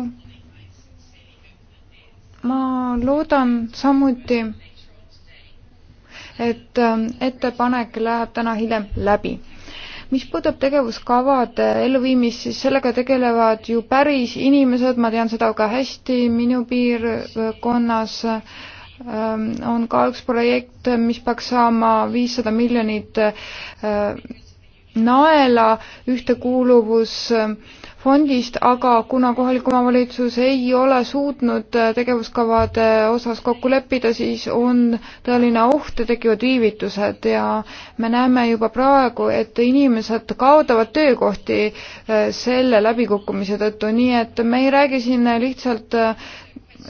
[SPEAKER 2] ma loodan samuti, et ähm, ettepanek läheb täna hiljem läbi mis puudutab tegevuskavade elluviimist, siis sellega tegelevad ju päris inimesed, ma tean seda ka hästi, minu piirkonnas ähm, on ka üks projekt, mis peaks saama viissada miljonit äh, naela ühtekuuluvus äh, fondist, aga kuna kohalik omavalitsus ei ole suutnud äh, tegevuskavade osas kokku leppida, siis on tõeline oht ja tekivad viivitused ja me näeme juba praegu, et inimesed kaotavad töökohti äh, selle läbikukkumise tõttu, nii et me ei räägi siin lihtsalt äh,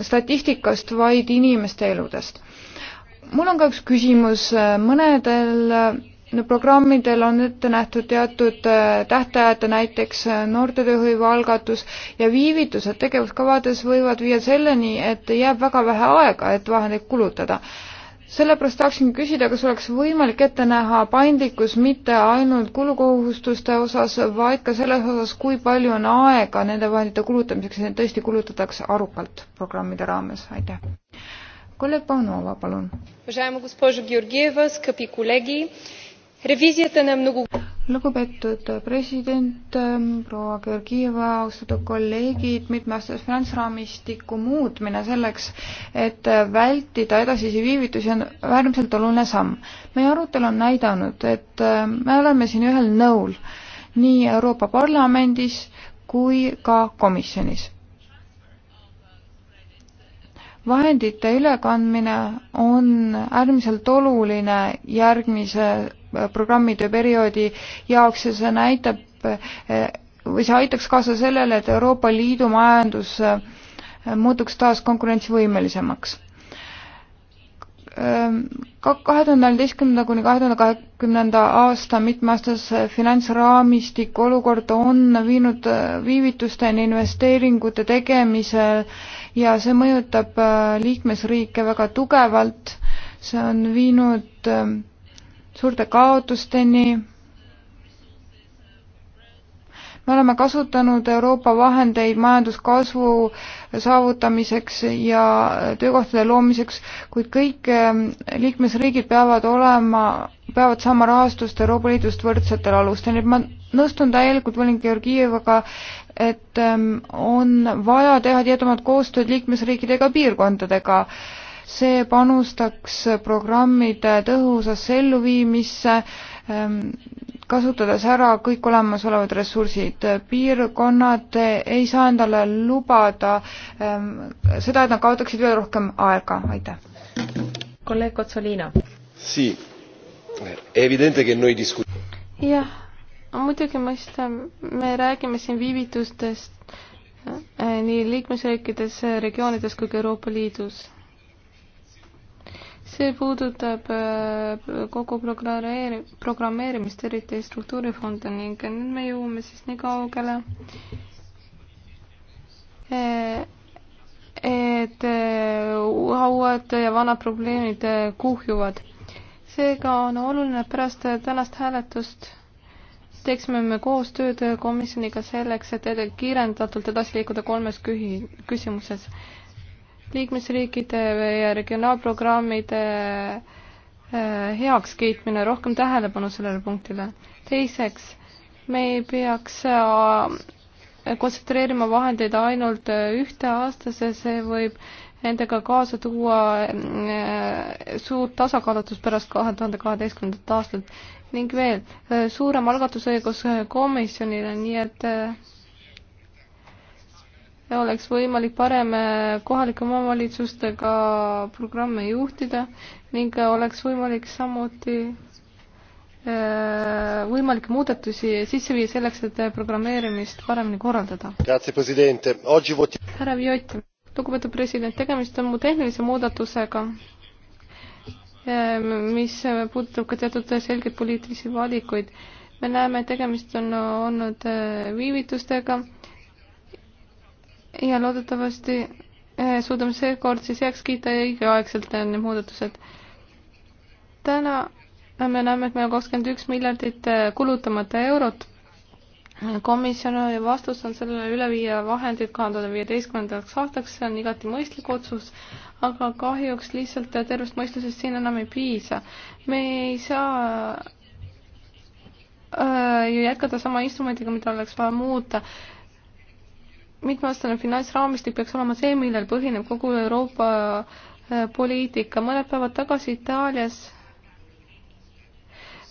[SPEAKER 2] statistikast, vaid inimeste eludest. mul on ka üks küsimus, mõnedel programmidel on ette nähtud teatud äh, tähtajad, näiteks äh, noorte tööhõive algatus ja viivitused tegevuskavades võivad viia selleni, et jääb väga vähe aega, et vahendeid kulutada. sellepärast tahaksin küsida, kas oleks võimalik ette näha paindlikkus mitte ainult kulukohustuste osas, vaid ka selles osas, kui palju on aega nende vahendite kulutamiseks ja need tõesti kulutatakse arukalt programmide raames, aitäh. kolleeg Paunova, palun.
[SPEAKER 1] Уважаема госпожо Георгиева, скъпи колеги,
[SPEAKER 2] lugupeetud president, ähm, proua Georgieva, austatud kolleegid, mitmeaastase finantsraamistiku muutmine selleks, et äh, vältida edasisi viivitusi, on äärmiselt oluline samm. meie arutelu on näidanud, et äh, me oleme siin ühel nõul nii Euroopa Parlamendis kui ka komisjonis. vahendite ülekandmine on äärmiselt oluline järgmise programmide perioodi jaoks ja see näitab eh, või see aitaks kaasa sellele, et Euroopa Liidu majandus eh, muutuks taas konkurentsivõimelisemaks. Ehm, kahe tuhande neljateistkümnenda kuni kahe tuhande kahekümnenda aasta mitmeaastase finantsraamistiku olukord on viinud eh, viivitusteni investeeringute tegemisel ja see mõjutab liikmesriike väga tugevalt. see on viinud ehm, suurte kaotusteni. me oleme kasutanud Euroopa vahendeid majanduskasvu saavutamiseks ja töökohtade loomiseks, kuid kõik ähm, liikmesriigid peavad olema, peavad saama rahastust Euroopa Liidust võrdsetel alustel, nii et ma nõustun täielikult volinik Georgievaga, et ähm, on vaja teha tihedamat koostööd liikmesriikidega, piirkondadega äh, see panustaks programmide tõhusasse elluviimisse, ähm, kasutades ära kõik olemasolevad ressursid. piirkonnad ei saa endale lubada ähm, seda, et nad kaotaksid veel rohkem aega, aitäh.
[SPEAKER 1] kolleeg Otsolino.
[SPEAKER 3] jah, muidugi mõistame, me räägime siin viivitustest äh, nii liikmesriikides, regioonides kui ka Euroopa Liidus see puudutab äh, kogu programmeerimist, eriti struktuurifonde ning nüüd me jõuame siis nii kaugele, äh, et äh, uued ja vanad probleemid kuhjuvad. seega on oluline pärast tänast hääletust teeksime me koostööd komisjoniga selleks, et kiirendatult edasi liikuda kolmes kühi-, küsimuses liikmesriikide ja regionaalprogrammide äh, heakskiitmine, rohkem tähelepanu sellele punktile. teiseks, me ei peaks äh, kontsentreerima vahendeid ainult äh, ühte aastasse, see võib endaga kaasa tuua suurt tasakaalutust pärast kahe tuhande kaheteistkümnendat aastat ning veel suurem algatusõigus komisjonile, nii et oleks võimalik parem äh, kohalike omavalitsustega programme juhtida ning äh, oleks võimalik samuti äh, võimalikke muudatusi sisse viia selleks, et programmeerimist paremini korraldada. härra Vjot, lugupeetud president, tegemist on mu tehnilise muudatusega, ähm, mis puudutab ka teatud selgeid poliitilisi valikuid. me näeme, et tegemist on olnud viivitustega ja loodetavasti eh, suudame seekord siis heaks kiita õigeaegselt need muudatused. täna me näeme, et meil on kakskümmend üks miljardit eh, kulutamata eurot. komisjoni vastus on sellele üle viia vahendid kahe tuhande viieteistkümnendaks aastaks, see on igati mõistlik otsus, aga kahjuks lihtsalt tervest mõistusest siin enam ei piisa. me ei saa eh, ju jätkata sama instrumendiga, mida oleks vaja muuta mitmeaastane finantsraamistik peaks olema see, millel põhineb kogu Euroopa äh, poliitika. mõned päevad tagasi Itaalias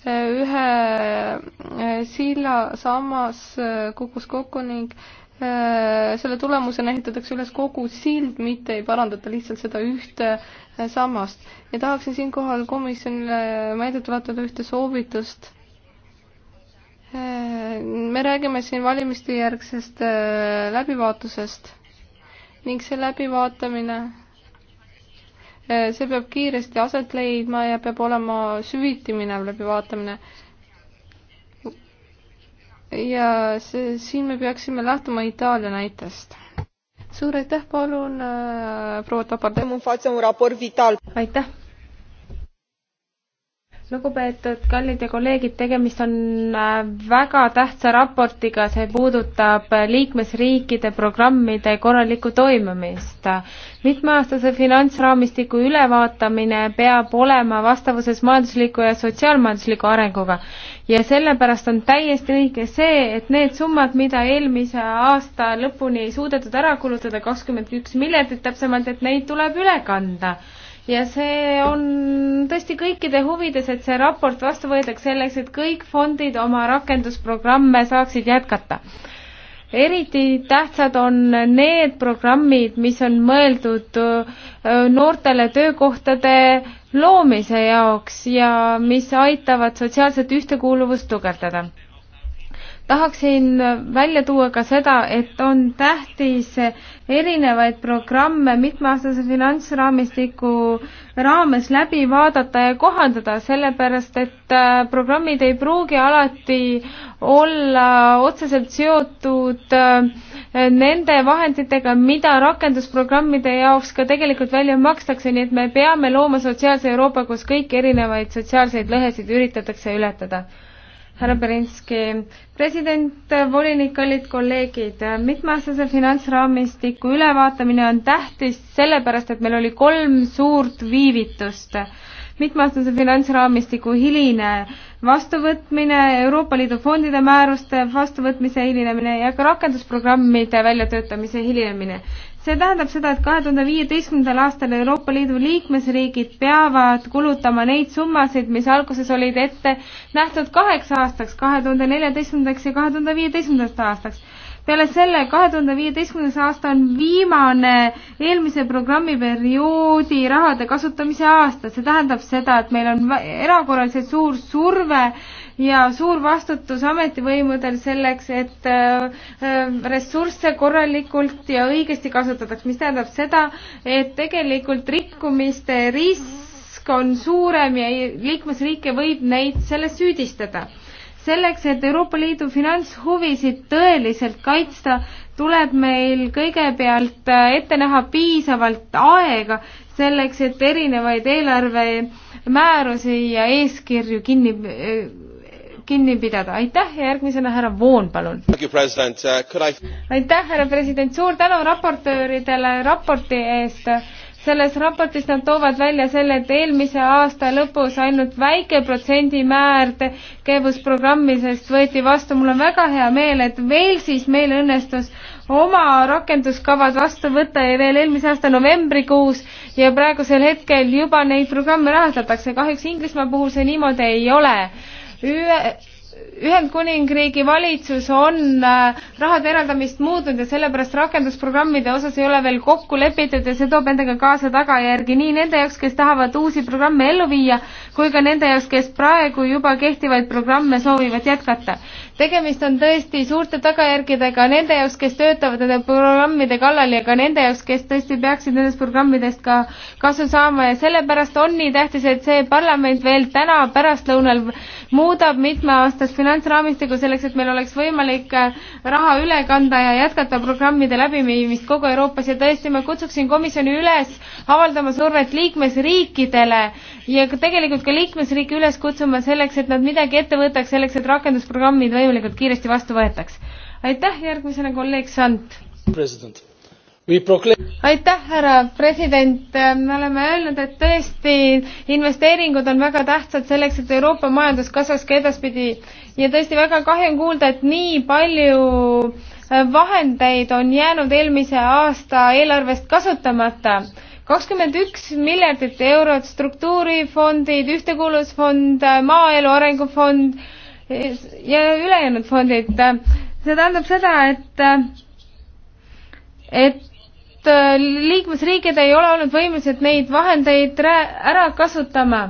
[SPEAKER 3] äh, ühe äh, silla sammas kukkus kokku ning selle tulemusena ehitatakse üles kogu sild, mitte ei parandata lihtsalt seda ühte sammast. ja tahaksin siinkohal komisjonile meelde tuletada ühte soovitust me räägime siin valimiste järgsest äh, läbivaatusest ning see läbivaatamine, äh, see peab kiiresti aset leidma ja peab olema süviti minev läbivaatamine. ja see, siin me peaksime lähtuma Itaalia näitest. suur aitäh, palun äh, proua Tapar. aitäh
[SPEAKER 1] lugupeetud kallid ja kolleegid, tegemist on äh, väga tähtsa raportiga, see puudutab äh, liikmesriikide programmide korralikku toimumist. mitmeaastase finantsraamistiku ülevaatamine peab olema vastavuses majandusliku ja sotsiaalmajandusliku arenguga ja sellepärast on täiesti õige see, et need summad, mida eelmise aasta lõpuni ei suudetud ära kulutada, kakskümmend üks miljardit täpsemalt, et neid tuleb üle kanda ja see on tõesti kõikide huvides, et see raport vastu võetakse selleks, et kõik fondid oma rakendusprogramme saaksid jätkata. eriti tähtsad on need programmid, mis on mõeldud äh, noortele töökohtade loomise jaoks ja mis aitavad sotsiaalset ühtekuuluvust tugevdada tahaksin välja tuua ka seda, et on tähtis erinevaid programme mitmeaastase finantsraamistiku raames läbi vaadata ja kohandada, sellepärast et äh, programmid ei pruugi alati olla otseselt seotud äh, nende vahenditega, mida rakendusprogrammide jaoks ka tegelikult välja makstakse, nii et me peame looma sotsiaalse Euroopa, kus kõiki erinevaid sotsiaalseid lõhesid üritatakse ületada härra Berinski, president, volinik, kallid kolleegid, mitmeaastase finantsraamistiku ülevaatamine on tähtis sellepärast, et meil oli kolm suurt viivitust. mitmeaastase finantsraamistiku hiline vastuvõtmine, Euroopa Liidu fondide määruste vastuvõtmise hilinemine ja ka rakendusprogrammide väljatöötamise hilinemine see tähendab seda, et kahe tuhande viieteistkümnendal aastal Euroopa Liidu liikmesriigid peavad kulutama neid summasid, mis alguses olid ette nähtud kaheks aastaks, kahe tuhande neljateistkümnendaks ja kahe tuhande viieteistkümnendast aastaks. peale selle kahe tuhande viieteistkümnendas aasta on viimane eelmise programmiperioodi rahade kasutamise aasta, see tähendab seda, et meil on erakorraliselt suur surve äh, ja suur vastutus ametivõimudel selleks, et äh, äh, ressursse korralikult ja õigesti kasutatakse, mis tähendab seda, et tegelikult rikkumiste risk on suurem ja liikmesriike võib neid selles süüdistada selleks, et Euroopa Liidu finantshuvisid tõeliselt kaitsta, tuleb meil kõigepealt äh, ette näha piisavalt aega selleks, et erinevaid eelarvemäärusi ja eeskirju kinni kinni pidada. aitäh ja järgmisena härra Voon, palun. Uh, aitäh, härra president, suur tänu raportööridele raporti eest selles raportis nad toovad välja selle, et eelmise aasta lõpus ainult väike protsendimäär tegevusprogrammidest võeti vastu. mul on väga hea meel, et Walesis meil õnnestus oma rakenduskavad vastu võtta ja veel eelmise aasta novembrikuus ja praegusel hetkel juba neid programme rahastatakse. kahjuks Inglismaa puhul see niimoodi ei ole ÜRO Ühendkuningriigi valitsus on äh, rahade eraldamist muutnud ja sellepärast rakendusprogrammide osas ei ole veel kokku lepitud ja see toob endaga kaasa tagajärgi nii nende jaoks, kes tahavad uusi programme ellu viia, kui ka nende jaoks, kes praegu juba kehtivaid programme soovivad jätkata. tegemist on tõesti suurte tagajärgedega nende jaoks, kes töötavad nende programmide kallal ja ka nende jaoks, kes tõesti peaksid nendest programmidest ka kasu saama ja sellepärast on nii tähtis, et see parlament veel täna pärastlõunal muudab mitmeaastast finants- finantsraamistiku selleks, et meil oleks võimalik äh, raha üle kanda ja jätkata programmide läbiviimist kogu Euroopas ja tõesti, ma kutsuksin komisjoni üles avaldama survet liikmesriikidele ja ka tegelikult ka liikmesriike üles kutsuma selleks, et nad midagi ette võtaks, selleks et rakendusprogrammid võimalikult kiiresti vastu võetaks. aitäh, järgmisena kolleeg Sant. president aitäh, härra president, me oleme öelnud, et tõesti investeeringud on väga tähtsad selleks, et Euroopa majandus kasvaks ka edaspidi ja tõesti väga kahju on kuulda, et nii palju äh, vahendeid on jäänud eelmise aasta eelarvest kasutamata. kakskümmend üks miljardit eurot struktuurifondid, ühtekuuluvusfond, äh, maaelu arengufond äh, ja ülejäänud fondid. see tähendab seda, et et Äh, liikmesriigid ei ole olnud võimelised neid vahendeid ära kasutama.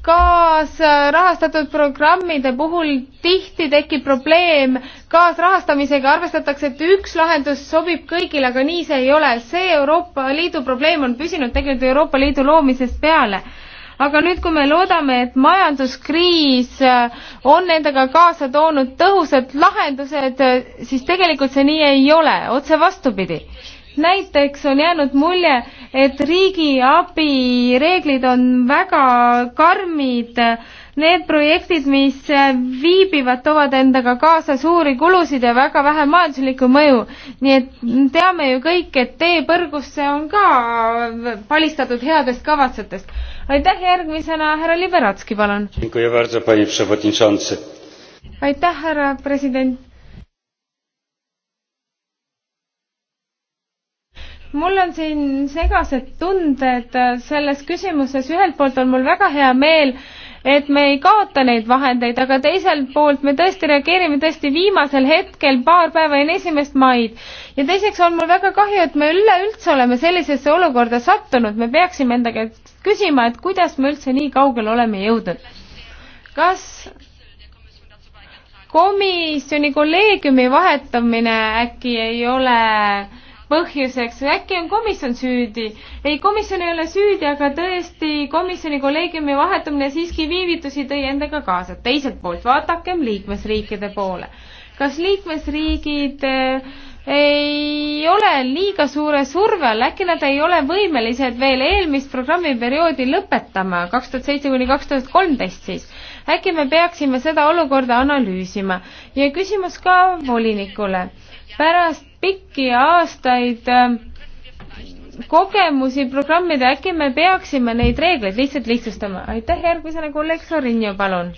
[SPEAKER 1] kaasrahastatud programmide puhul tihti tekib probleem, kaasrahastamisega arvestatakse, et üks lahendus sobib kõigile, aga nii see ei ole. see Euroopa Liidu probleem on püsinud tegelikult Euroopa Liidu loomisest peale aga nüüd, kui me loodame, et majanduskriis äh, on endaga kaasa toonud tõhusad lahendused, äh, siis tegelikult see nii ei ole, otse vastupidi näiteks on jäänud mulje, et riigiabi reeglid on väga karmid. Need projektid, mis äh, viibivad, toovad endaga kaasa suuri kulusid ja väga vähe majanduslikku mõju. nii et teame ju kõik, et teepõrgusse on ka palistatud headest kavatsetest aitäh, järgmisena härra Liberatski, palun. aitäh, härra president. mul on siin segased tunded selles küsimuses, ühelt poolt on mul väga hea meel, et me ei kaota neid vahendeid, aga teiselt poolt me tõesti reageerime tõesti viimasel hetkel, paar päeva enne esimest maid. ja teiseks on mul väga kahju, et me üleüldse oleme sellisesse olukorda sattunud, me peaksime enda käest küsima, et kuidas me üldse nii kaugele oleme jõudnud. kas komisjoni kolleegiumi vahetamine äkki ei ole äh, põhjuseks või äkki on komisjon süüdi? ei, komisjon ei ole süüdi, aga tõesti komisjoni kolleegiumi vahetumine siiski viivitusi tõi endaga kaasa. teiselt poolt vaadakem liikmesriikide poole. kas liikmesriigid eh, ei ole liiga suure surve all, äkki nad ei ole võimelised veel eelmist programmiperioodi lõpetama, kaks tuhat seitse kuni kaks tuhat kolmteist siis äkki me peaksime seda olukorda analüüsima ja küsimus ka volinikule. pärast pikki aastaid ähm, kogemusi programmida, äkki me peaksime neid reegleid lihtsalt lihtsustama. aitäh, järgmisena kolleeg Sorinio, palun.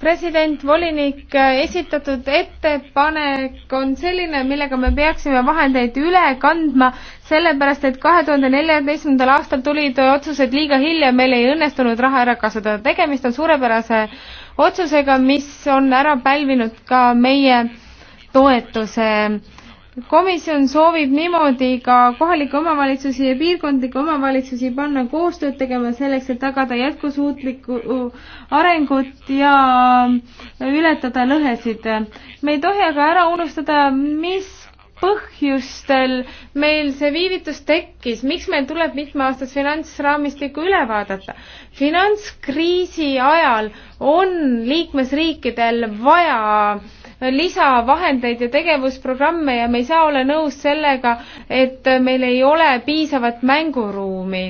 [SPEAKER 1] president, volinik, äh, esitatud ettepanek on selline, millega me peaksime vahendeid üle kandma, sellepärast et kahe tuhande neljateistkümnendal aastal tulid otsused liiga hilja, meil ei õnnestunud raha ära kasutada. tegemist on suurepärase otsusega, mis on ära pälvinud ka meie toetuse. komisjon soovib niimoodi ka kohalikke omavalitsusi ja piirkondlikke omavalitsusi panna koostööd tegema selleks, et tagada jätkusuutlikku arengut ja ületada lõhesid. me ei tohi aga ära unustada, mis põhjustel meil see viivitus tekkis, miks meil tuleb mitmeaastast finantsraamistikku üle vaadata? finantskriisi ajal on liikmesriikidel vaja lisavahendeid ja tegevusprogramme ja me ei saa olla nõus sellega, et meil ei ole piisavat mänguruumi.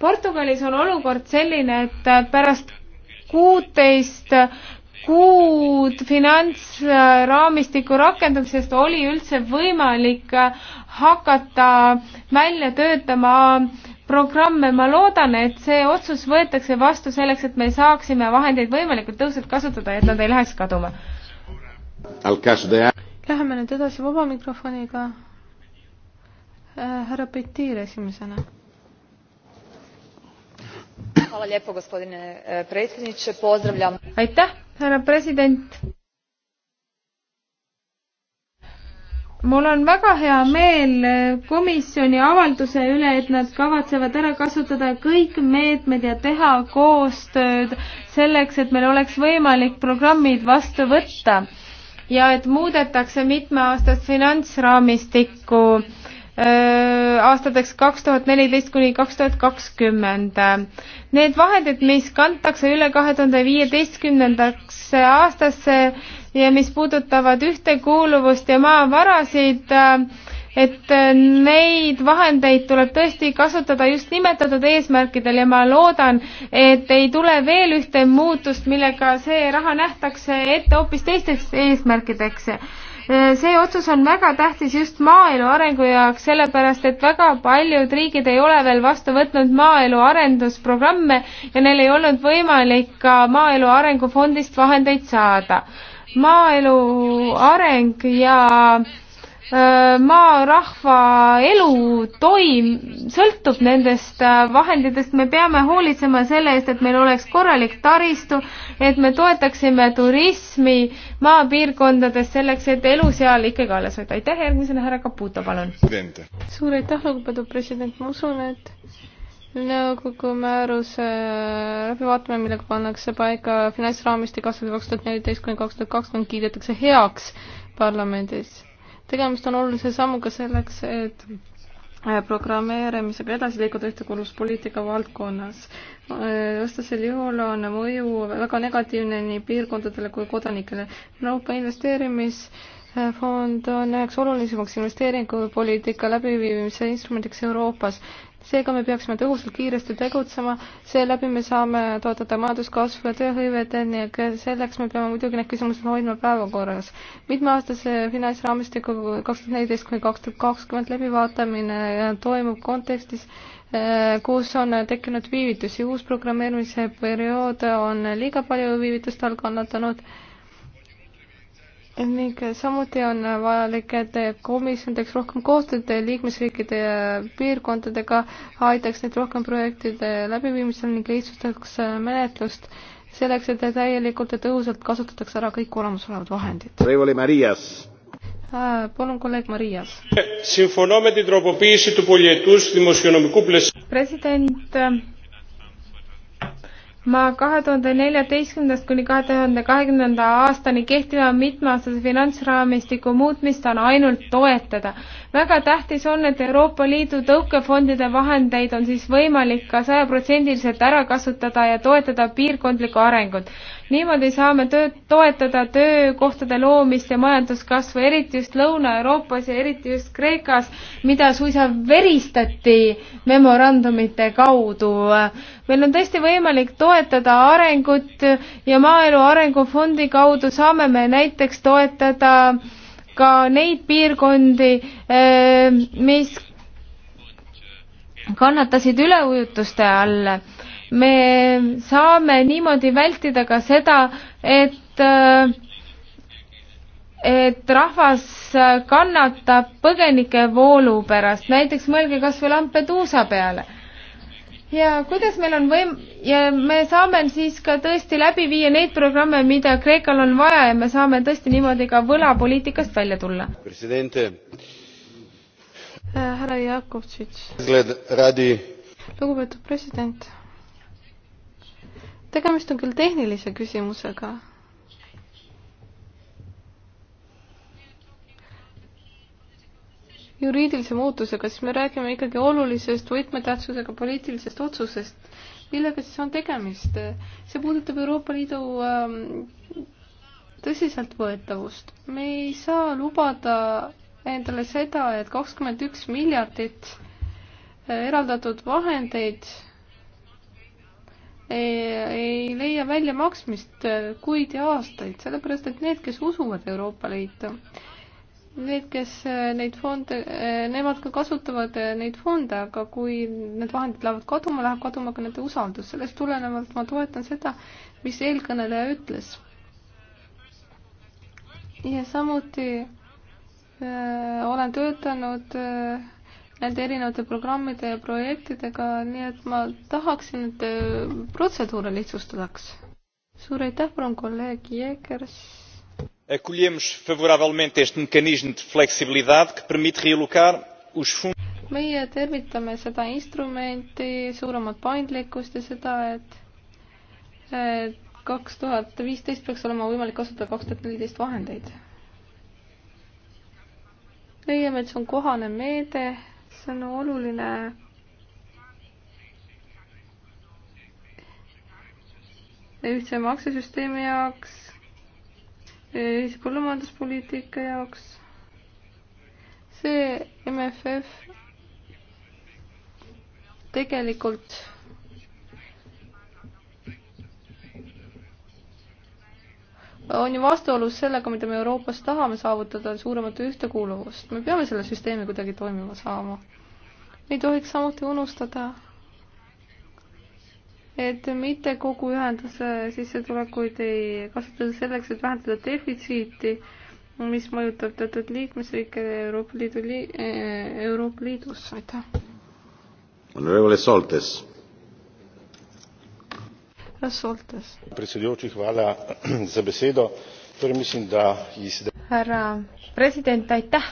[SPEAKER 1] Portugalis on olukord selline, et pärast kuuteist kuud finantsraamistiku rakendamisest oli üldse võimalik hakata välja töötama programme, ma loodan, et see otsus võetakse vastu selleks, et me saaksime vahendeid võimalikult tõhusalt kasutada, et nad ei läheks kaduma.
[SPEAKER 3] Läheme nüüd edasi vaba mikrofoniga. Äh, härra Petir esimesena
[SPEAKER 1] gospodine äh, predsjednie pozdravljam. aitäh! härra president. mul on väga hea meel komisjoni avalduse üle, et nad kavatsevad ära kasutada kõik meetmed ja teha koostööd selleks, et meil oleks võimalik programmid vastu võtta ja et muudetakse mitmeaastast finantsraamistikku Äh, aastateks kaks tuhat neliteist kuni kaks tuhat kakskümmend. Need vahendid, mis kantakse üle kahe tuhande viieteistkümnendaks aastasse ja mis puudutavad ühtekuuluvust ja maavarasid, äh, et äh, neid vahendeid tuleb tõesti kasutada just nimetatud eesmärkidel ja ma loodan, et ei tule veel ühte muutust, millega see raha nähtakse ette hoopis teisteks eesmärkideks Äh, see otsus on väga tähtis just maaelu arengu jaoks, sellepärast et väga paljud riigid ei ole veel vastu võtnud maaelu arendusprogramme ja neil ei olnud võimalik ka maaelu arengufondist vahendeid saada. maaelu areng ja äh, Äh, maarahva elu toim-, sõltub nendest äh, vahenditest, me peame hoolitsema selle eest, et meil oleks korralik taristu, et me toetaksime turismi maapiirkondades selleks, et elu seal ikkagi alles hoida. aitäh, järgmisena härra Caputo, palun. suur aitäh,
[SPEAKER 3] lugupeetud president, ma usun, et nõukogu määruse äh, läbivaatamine, millega pannakse paika finantsraamistik aastal kaks tuhat neliteist kuni kaks tuhat kakskümmend, kiidetakse heaks parlamendis tegemist on olulise sammuga selleks, et äh, programmeerimisega edasi liikuda ühtekuuluvuspoliitika valdkonnas. Äh, vastasel juhul on mõju väga negatiivne nii piirkondadele kui kodanikele. Euroopa investeerimisfond on üheks olulisemaks investeeringupoliitika läbiviimise instrumendiks Euroopas seega me peaksime tõhusalt kiiresti tegutsema, seeläbi me saame toetada majanduskasvu ja tööhõivet ning selleks me peame muidugi need küsimused hoidma päevakorras. mitmeaastase finantsraamistiku kaks tuhat neliteist kuni kaks tuhat kakskümmend läbivaatamine toimub kontekstis, eh, kus on tekkinud viivitusi, uus programmeerimise periood on liiga palju viivitust all kannatanud ning samuti on vajalik, et komisjon teeks rohkem koostööd liikmesriikide ja piirkondadega, aitaks neid rohkem projektide läbiviimisel ning lihtsustaks menetlust selleks, et täielikult ja tõhusalt kasutatakse ära kõik olemasolevad vahendid.
[SPEAKER 2] Reivoli Marias.
[SPEAKER 1] Äh, palun, kolleeg Marias. president ma kahe tuhande neljateistkümnendast kuni kahe tuhande kahekümnenda aastani kehtiva mitmeaastase finantsraamistiku muutmist saan ainult toetada väga tähtis on, et Euroopa Liidu tõukefondide vahendeid on siis võimalik ka sajaprotsendiliselt ära kasutada ja toetada piirkondlikku arengut. niimoodi saame töö, toetada töökohtade loomist ja majanduskasvu, eriti just Lõuna-Euroopas ja eriti just Kreekas, mida suisa veristati memorandumite kaudu. meil on tõesti võimalik toetada arengut ja Maaelu Arengufondi kaudu saame me näiteks toetada äh, ka neid piirkondi, eh, mis kannatasid üleujutuste all. me saame niimoodi vältida ka seda, et eh, et rahvas kannatab põgenike voolu pärast, näiteks mõelge kas või Lampeduusa peale ja kuidas meil on võim- ja me saame siis ka tõesti läbi viia neid programme, mida Kreekal on vaja ja me saame tõesti niimoodi ka võlapoliitikast välja tulla.
[SPEAKER 3] Äh, härra Jakovtšitš. lugupeetud president. tegemist on küll tehnilise küsimusega juriidilise muutusega, siis me räägime ikkagi olulisest võtmetähtsusega poliitilisest otsusest. millega siis on tegemist? see puudutab Euroopa Liidu ähm, tõsiseltvõetavust. me ei saa lubada endale seda, et kakskümmend üks miljardit äh, eraldatud vahendeid ei, ei leia väljamaksmist äh, kuid ja aastaid, sellepärast et need, kes usuvad Euroopa Liitu, need, kes äh, neid fonde, äh, nemad ka kasutavad äh, neid fonde, aga kui need vahendid lähevad kaduma, läheb kaduma ka nende usaldus. sellest tulenevalt ma toetan seda, mis eelkõneleja ütles. ja samuti öö, olen töötanud öö, nende erinevate programmide ja projektidega, nii et ma tahaksin, et öö, protseduure lihtsustataks. suur aitäh, palun kolleeg Jekers
[SPEAKER 2] acolhemos favoravelmente este mecanismo de flexibilidade que permite realocar os fundos
[SPEAKER 3] meie tervitame seda instrumenti, suuremat paindlikkust ja seda, et kaks tuhat viisteist peaks olema võimalik kasutada kaks tuhat neliteist vahendeid. leiame, et see on kohane meede, see on oluline ühtse maksesüsteemi jaoks põllumajanduspoliitika jaoks. see MFF tegelikult on ju vastuolus sellega, mida me Euroopas tahame saavutada, suuremat ühtekuuluvust. me peame selle süsteemi kuidagi toimima saama. ei tohiks samuti unustada et mitte kogu ühenduse sissetulekuid ei kasutata selleks, et vähendada defitsiiti, mis mõjutab teatud liikmesriike Euroopa Liidu li-, eh, Euroopa Liidus, aitäh.
[SPEAKER 1] Honorable Soltes. Soltes.
[SPEAKER 2] predsedujoči, hvala za besedo. torej mislim, da iz
[SPEAKER 1] härra president, aitäh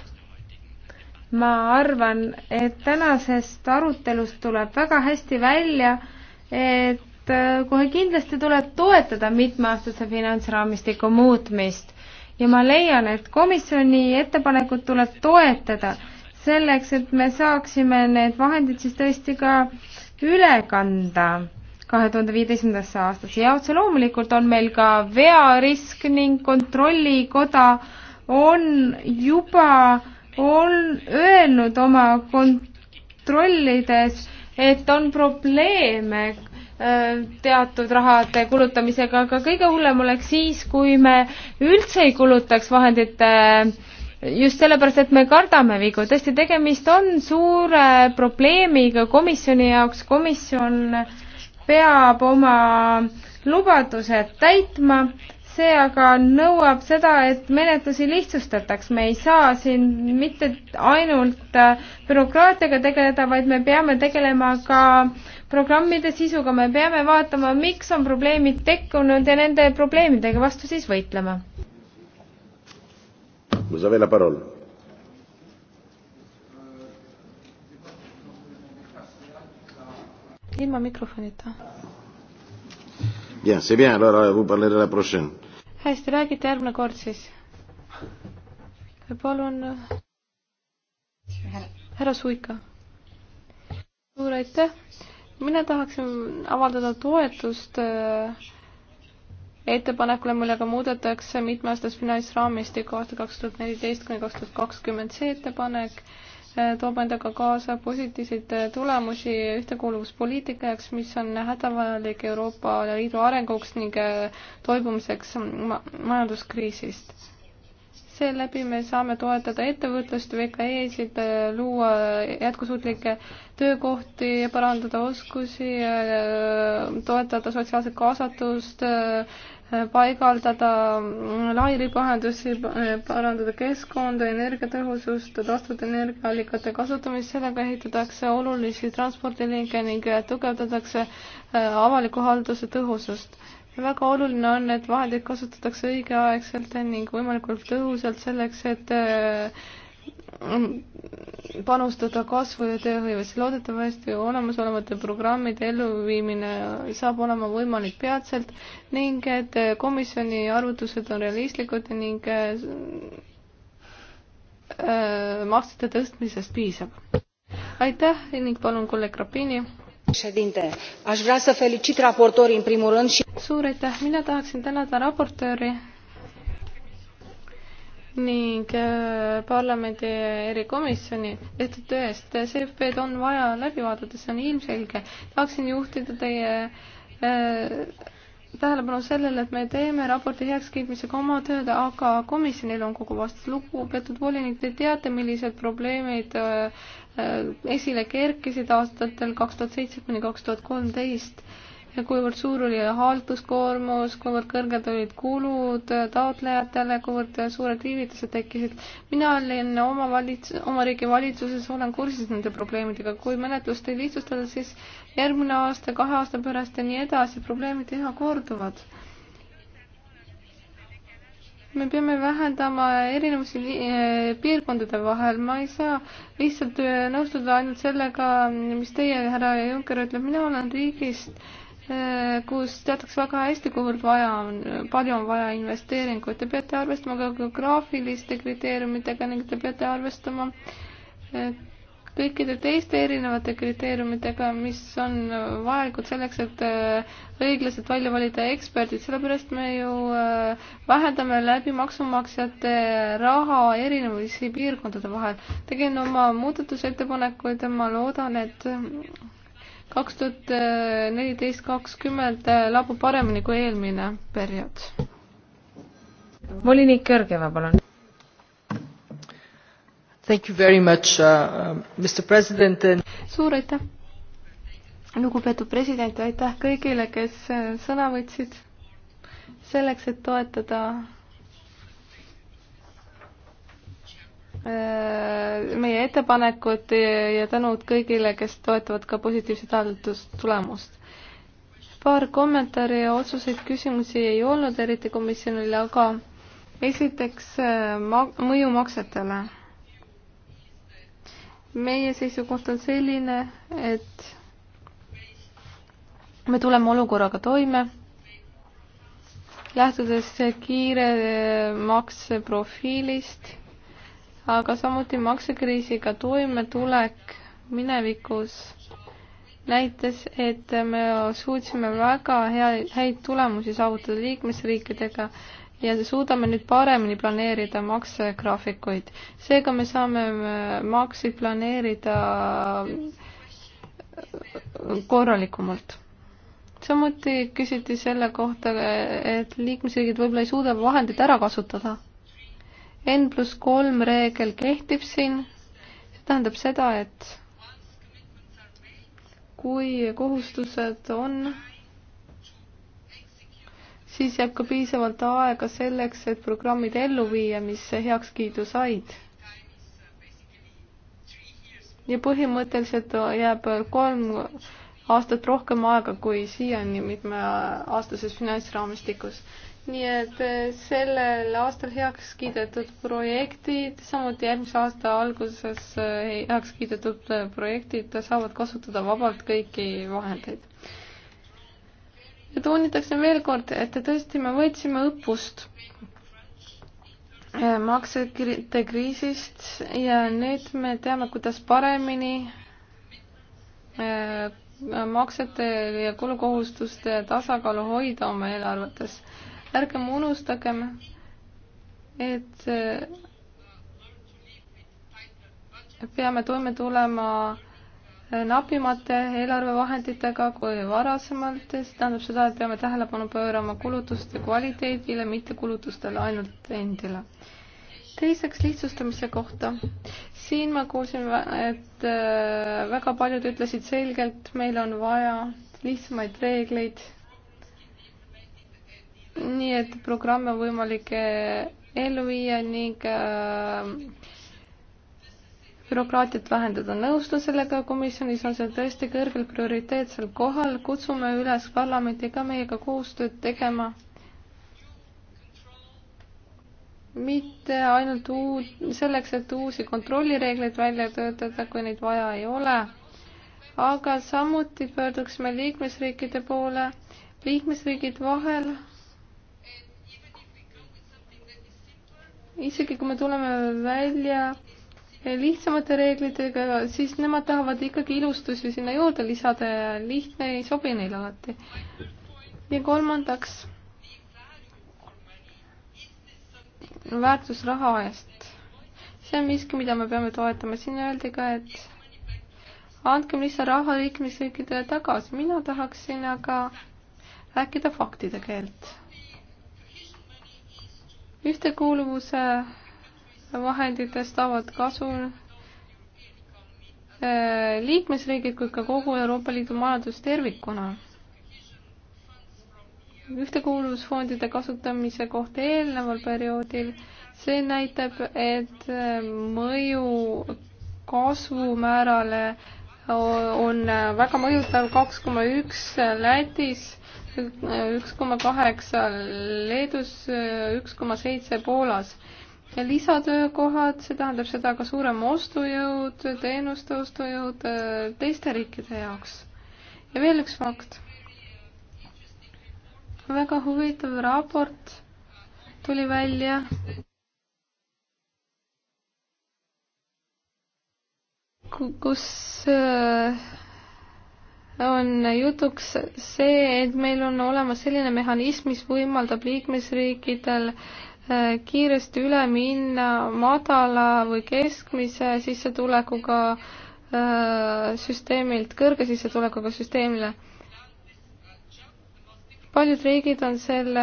[SPEAKER 1] ma arvan, et tänasest arutelust tuleb väga hästi välja, et äh, kohe kindlasti tuleb toetada mitmeaastase finantsraamistiku muutmist ja ma leian, et komisjoni ettepanekut tuleb toetada selleks, et me saaksime need vahendid siis tõesti ka üle kanda kahe tuhande viieteistkümnendasse aastasse ja otse loomulikult on meil ka vearisk ning kontrollikoda on juba on öelnud oma kontrollides, et on probleeme äh, teatud rahade kulutamisega, aga kõige hullem oleks siis, kui me üldse ei kulutaks vahendite just sellepärast, et me kardame vigu, tõesti, tegemist on suure probleemiga komisjoni jaoks, komisjon peab oma lubadused täitma see aga nõuab seda, et menetlusi lihtsustataks, me ei saa siin mitte ainult äh, bürokraatiaga tegeleda, vaid me peame tegelema ka programmide sisuga, me peame vaatama, miks on probleemid tekkinud ja nende probleemidega vastu siis võitlema.
[SPEAKER 2] Vous avez la parole.
[SPEAKER 3] ilma mikrofonita
[SPEAKER 2] Bien, c'est bien, alors euh, vous parlerez la prochaine.
[SPEAKER 3] hästi, räägite järgmine kord siis. palun. härra Suika. suur aitäh. mina tahaksin avaldada toetust äh, ettepanekule, millega muudetakse mitmeaastast finantsraamistikku aasta kaks tuhat neliteist kuni kaks tuhat kakskümmend. see ettepanek äh, toob endaga kaasa positiivseid tulemusi ühtekuuluvuspoliitika jaoks, mis on hädavajalik Euroopa Liidu arenguks ning äh, toibumiseks ma majanduskriisist. seeläbi me saame toetada ettevõtlust, VKE-sid, äh, luua jätkusuutlikke töökohti, parandada oskusi, äh, toetada sotsiaalset kaasatust, paigaldada lairibahendusi, parandada keskkonda, energiatõhusust, taastuvat energiaallikate kasutamist, sellega ehitatakse olulisi transpordiliike ning tugevdatakse äh, avaliku halduse tõhusust. väga oluline on, et vahendeid kasutatakse õigeaegselt ning võimalikult tõhusalt selleks, et äh, panustada kasvu ja tööhõivesse. loodetavasti olemasolevate programmide elluviimine saab olema võimalik peatselt ning et komisjoni arvutused on realistlikud ning äh, maksude tõstmisest piisab. aitäh ning palun kolleeg Rapini. suur aitäh, mina tahaksin tänada raportööri ning äh, parlamendi erikomisjoni tehtud töö eest. CFP-d on vaja läbi vaadata, see on ilmselge. tahaksin juhtida teie äh, tähelepanu sellele, et me teeme raporti heakskiitmisega oma tööd, aga komisjonil on kogu vastus. lugupeetud volinik, te teate, millised probleemid äh, äh, esile kerkisid aastatel kaks tuhat seitse kuni kaks tuhat kolmteist kuivõrd suur oli halduskoormus, kuivõrd kõrged olid kulud taotlejatele, kuivõrd suured viivitused tekkisid. mina olin oma valits-, oma riigi valitsuses, olen kursis nende probleemidega, kui menetlust ei lihtsustada, siis järgmine aasta, kahe aasta pärast ja nii edasi, probleemid üha korduvad me peame vähendama erinevusi eh, piirkondade vahel, ma ei saa lihtsalt eh, nõustuda ainult sellega, mis teie, härra Juncker, ütleb, mina olen riigist, Äh, kus teatakse väga hästi, kuivõrd vaja on, palju on vaja investeeringuid. Te peate arvestama ka geograafiliste kriteeriumitega ning te peate arvestama kõikide teiste erinevate kriteeriumitega, mis on vajalikud selleks, et äh, õiglaselt välja valida eksperdid, sellepärast me ju äh, vähendame läbi maksumaksjate raha erinevusi piirkondade vahel. tegin oma muudatusettepanekuid ja ma loodan, et kaks tuhat neliteist, kakskümmend labub paremini kui eelmine periood.
[SPEAKER 1] volinik Jörgeva, palun. Thank you very much uh,, uh Mr President and....
[SPEAKER 3] suur aitäh, lugupeetud president ja aitäh kõigile, kes uh, sõna võtsid selleks, et toetada Äh, meie ettepanekud ja tänud kõigile, kes toetavad ka positiivset hääletustulemust. paar kommentaari ja otsuseid küsimusi ei olnud eriti komisjonile, aga esiteks äh, ma-, mõju maksetele. meie seisukoht on selline, et me tuleme olukorraga toime, lähtudes kiire äh, makseprofiilist aga samuti maksekriisiga toimetulek minevikus näitas, et me suutsime väga hea, häid tulemusi saavutada liikmesriikidega ja suudame nüüd paremini planeerida maksegraafikuid. seega me saame äh, makseid planeerida äh, korralikumalt. samuti küsiti selle kohta, et liikmesriigid võib-olla ei suuda vahendeid ära kasutada N pluss kolm reegel kehtib siin, see tähendab seda, et kui kohustused on, siis jääb ka piisavalt aega selleks, et programmid ellu viia, mis heakskiidu said ja põhimõtteliselt jääb kolm aastat rohkem aega kui siiani mitmeaastases finantsraamistikus nii et eh, sellel aastal heaks kiidetud projektid, samuti järgmise aasta alguses eh, heaks kiidetud eh, projektid saavad kasutada vabalt kõiki vahendeid. ja toonitakse veel kord, et tõesti me võtsime õppust maksete kriisist ja nüüd me teame, kuidas paremini maksete ja kulukohustuste tasakaalu hoida oma eelarvetes ärgem unustagem, et äh, peame toime tulema äh, napimate eelarvevahenditega kui varasemalt, see tähendab seda, et peame tähelepanu pöörama kulutuste kvaliteedile, mitte kulutustele ainult endile. teiseks lihtsustamise kohta. siin ma kuulsin, et äh, väga paljud ütlesid selgelt, meil on vaja lihtsamaid reegleid nii et programme on võimalik eh, ellu viia ning eh, bürokraatiat vähendada. nõustun sellega, komisjonis on see tõesti kõrgel prioriteetsel kohal, kutsume üles parlamenti ka meiega koostööd tegema. mitte ainult uud, selleks, et uusi kontrollireegleid välja töötada, kui neid vaja ei ole, aga samuti pöörduksime liikmesriikide poole, liikmesriigid vahel isegi kui me tuleme välja lihtsamate reeglitega, siis nemad tahavad ikkagi ilustusi sinna juurde lisada ja lihtne ei sobi neile alati. ja kolmandaks, väärtus raha eest. see on miski, mida me peame toetama, siin öeldi ka, et andkem lihtsalt raha liikmesriikidele tagasi, mina tahaksin aga rääkida faktide keelt ühtekuuluvuse vahenditest saavad kasu äh, liikmesriigid kui ka kogu Euroopa Liidu majandus tervikuna. ühtekuuluvusfondide kasutamise kohta eelneval perioodil, see näitab, et äh, mõju kasvumäärale on väga mõjutav kaks koma üks Lätis üks koma kaheksa Leedus, äh, üks koma seitse Poolas. lisatöökohad, see tähendab seda ka suurem ostujõud, teenuste ostujõud äh, teiste riikide jaoks. ja veel üks fakt. väga huvitav raport tuli välja. kus äh, on jutuks see, et meil on olemas selline mehhanism, mis võimaldab liikmesriikidel äh, kiiresti üle minna madala või keskmise sissetulekuga äh, süsteemilt kõrge sissetulekuga süsteemile. paljud riigid on selle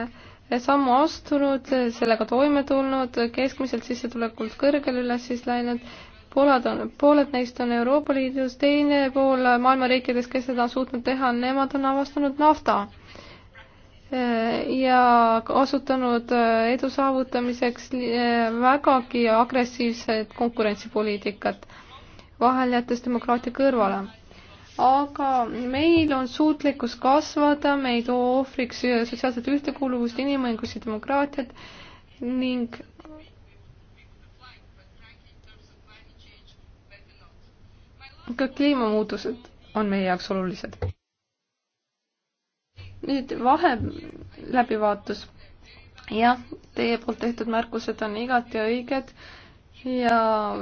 [SPEAKER 3] äh, sammu astunud, sellega toime tulnud, keskmiselt sissetulekult kõrgele üles siis läinud pooled on, pooled neist on Euroopa Liidus, teine pool maailma riikides, kes seda on suutnud teha, nemad on avastanud nafta eh, ja osutanud eh, edu saavutamiseks eh, vägagi agressiivset konkurentsipoliitikat, vahel jättes demokraatia kõrvale. aga meil on suutlikkus kasvada, me ei too ohvriks sotsiaalset ühtekuuluvust, inimõigusi, demokraatiat ning ka kliimamuutused on meie jaoks olulised. nüüd vahe läbivaatus. jah, teie poolt tehtud märkused on igati õiged ja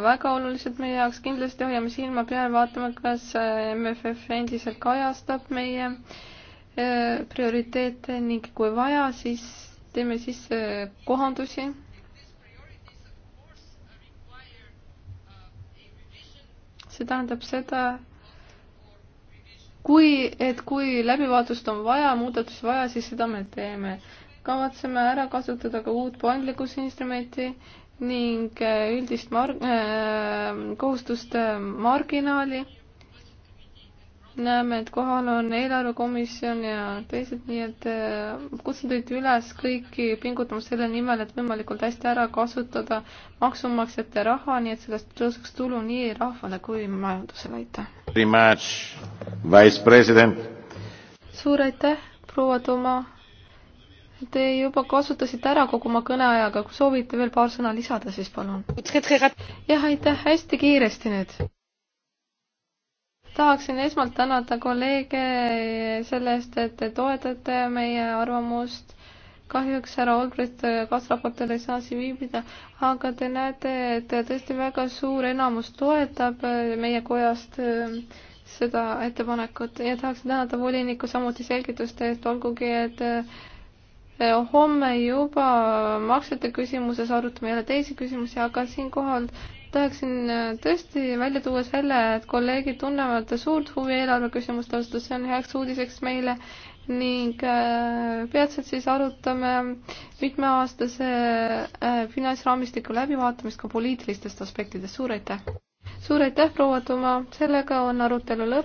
[SPEAKER 3] väga olulised meie jaoks. kindlasti hoiame silma peal, vaatame, kas MFF endiselt kajastab meie eh, prioriteete ning kui vaja, siis teeme sisse kohandusi see tähendab seda, kui, et kui läbivaatust on vaja, muudatusi vaja, siis seda me teeme. kavatseme ära kasutada ka uut paindlikkusinstrumenti ning äh, üldist mar- äh,, kohustuste äh, marginaali näeme, et kohal on eelarvekomisjon ja teised, nii et äh, kutsun teid üles kõiki pingutama selle nimel, et võimalikult hästi ära kasutada maksumaksjate raha, nii et sellest tõuseks tulu nii rahvale kui majandusele, aitäh! suur aitäh, proua Toma! Te juba kasutasite ära kogu oma kõneajaga, kui soovite veel paar sõna lisada, siis palun. jah, aitäh, hästi kiiresti nüüd tahaksin esmalt tänada kolleege selle eest, et te toetate meie arvamust. kahjuks härra Olbrit kaasraportil ei saa siin viibida, aga te näete, et tõesti väga suur enamus toetab meie kojast ähm, seda ettepanekut ja tahaksin tänada volinikku samuti selgituste eest, olgugi et äh, homme juba maksete küsimuses arutame jälle teisi küsimusi, aga siinkohal tahaksin äh, tõesti välja tuua selle, et kolleegid tunnevad suurt huvi eelarve küsimuste vastu, see on heaks uudiseks meile ning äh, peatselt siis arutame mitmeaastase äh, finantsraamistiku läbivaatamist ka poliitilistest aspektidest, suur aitäh! suur aitäh, proua Tuma, sellega on arutelu lõpp.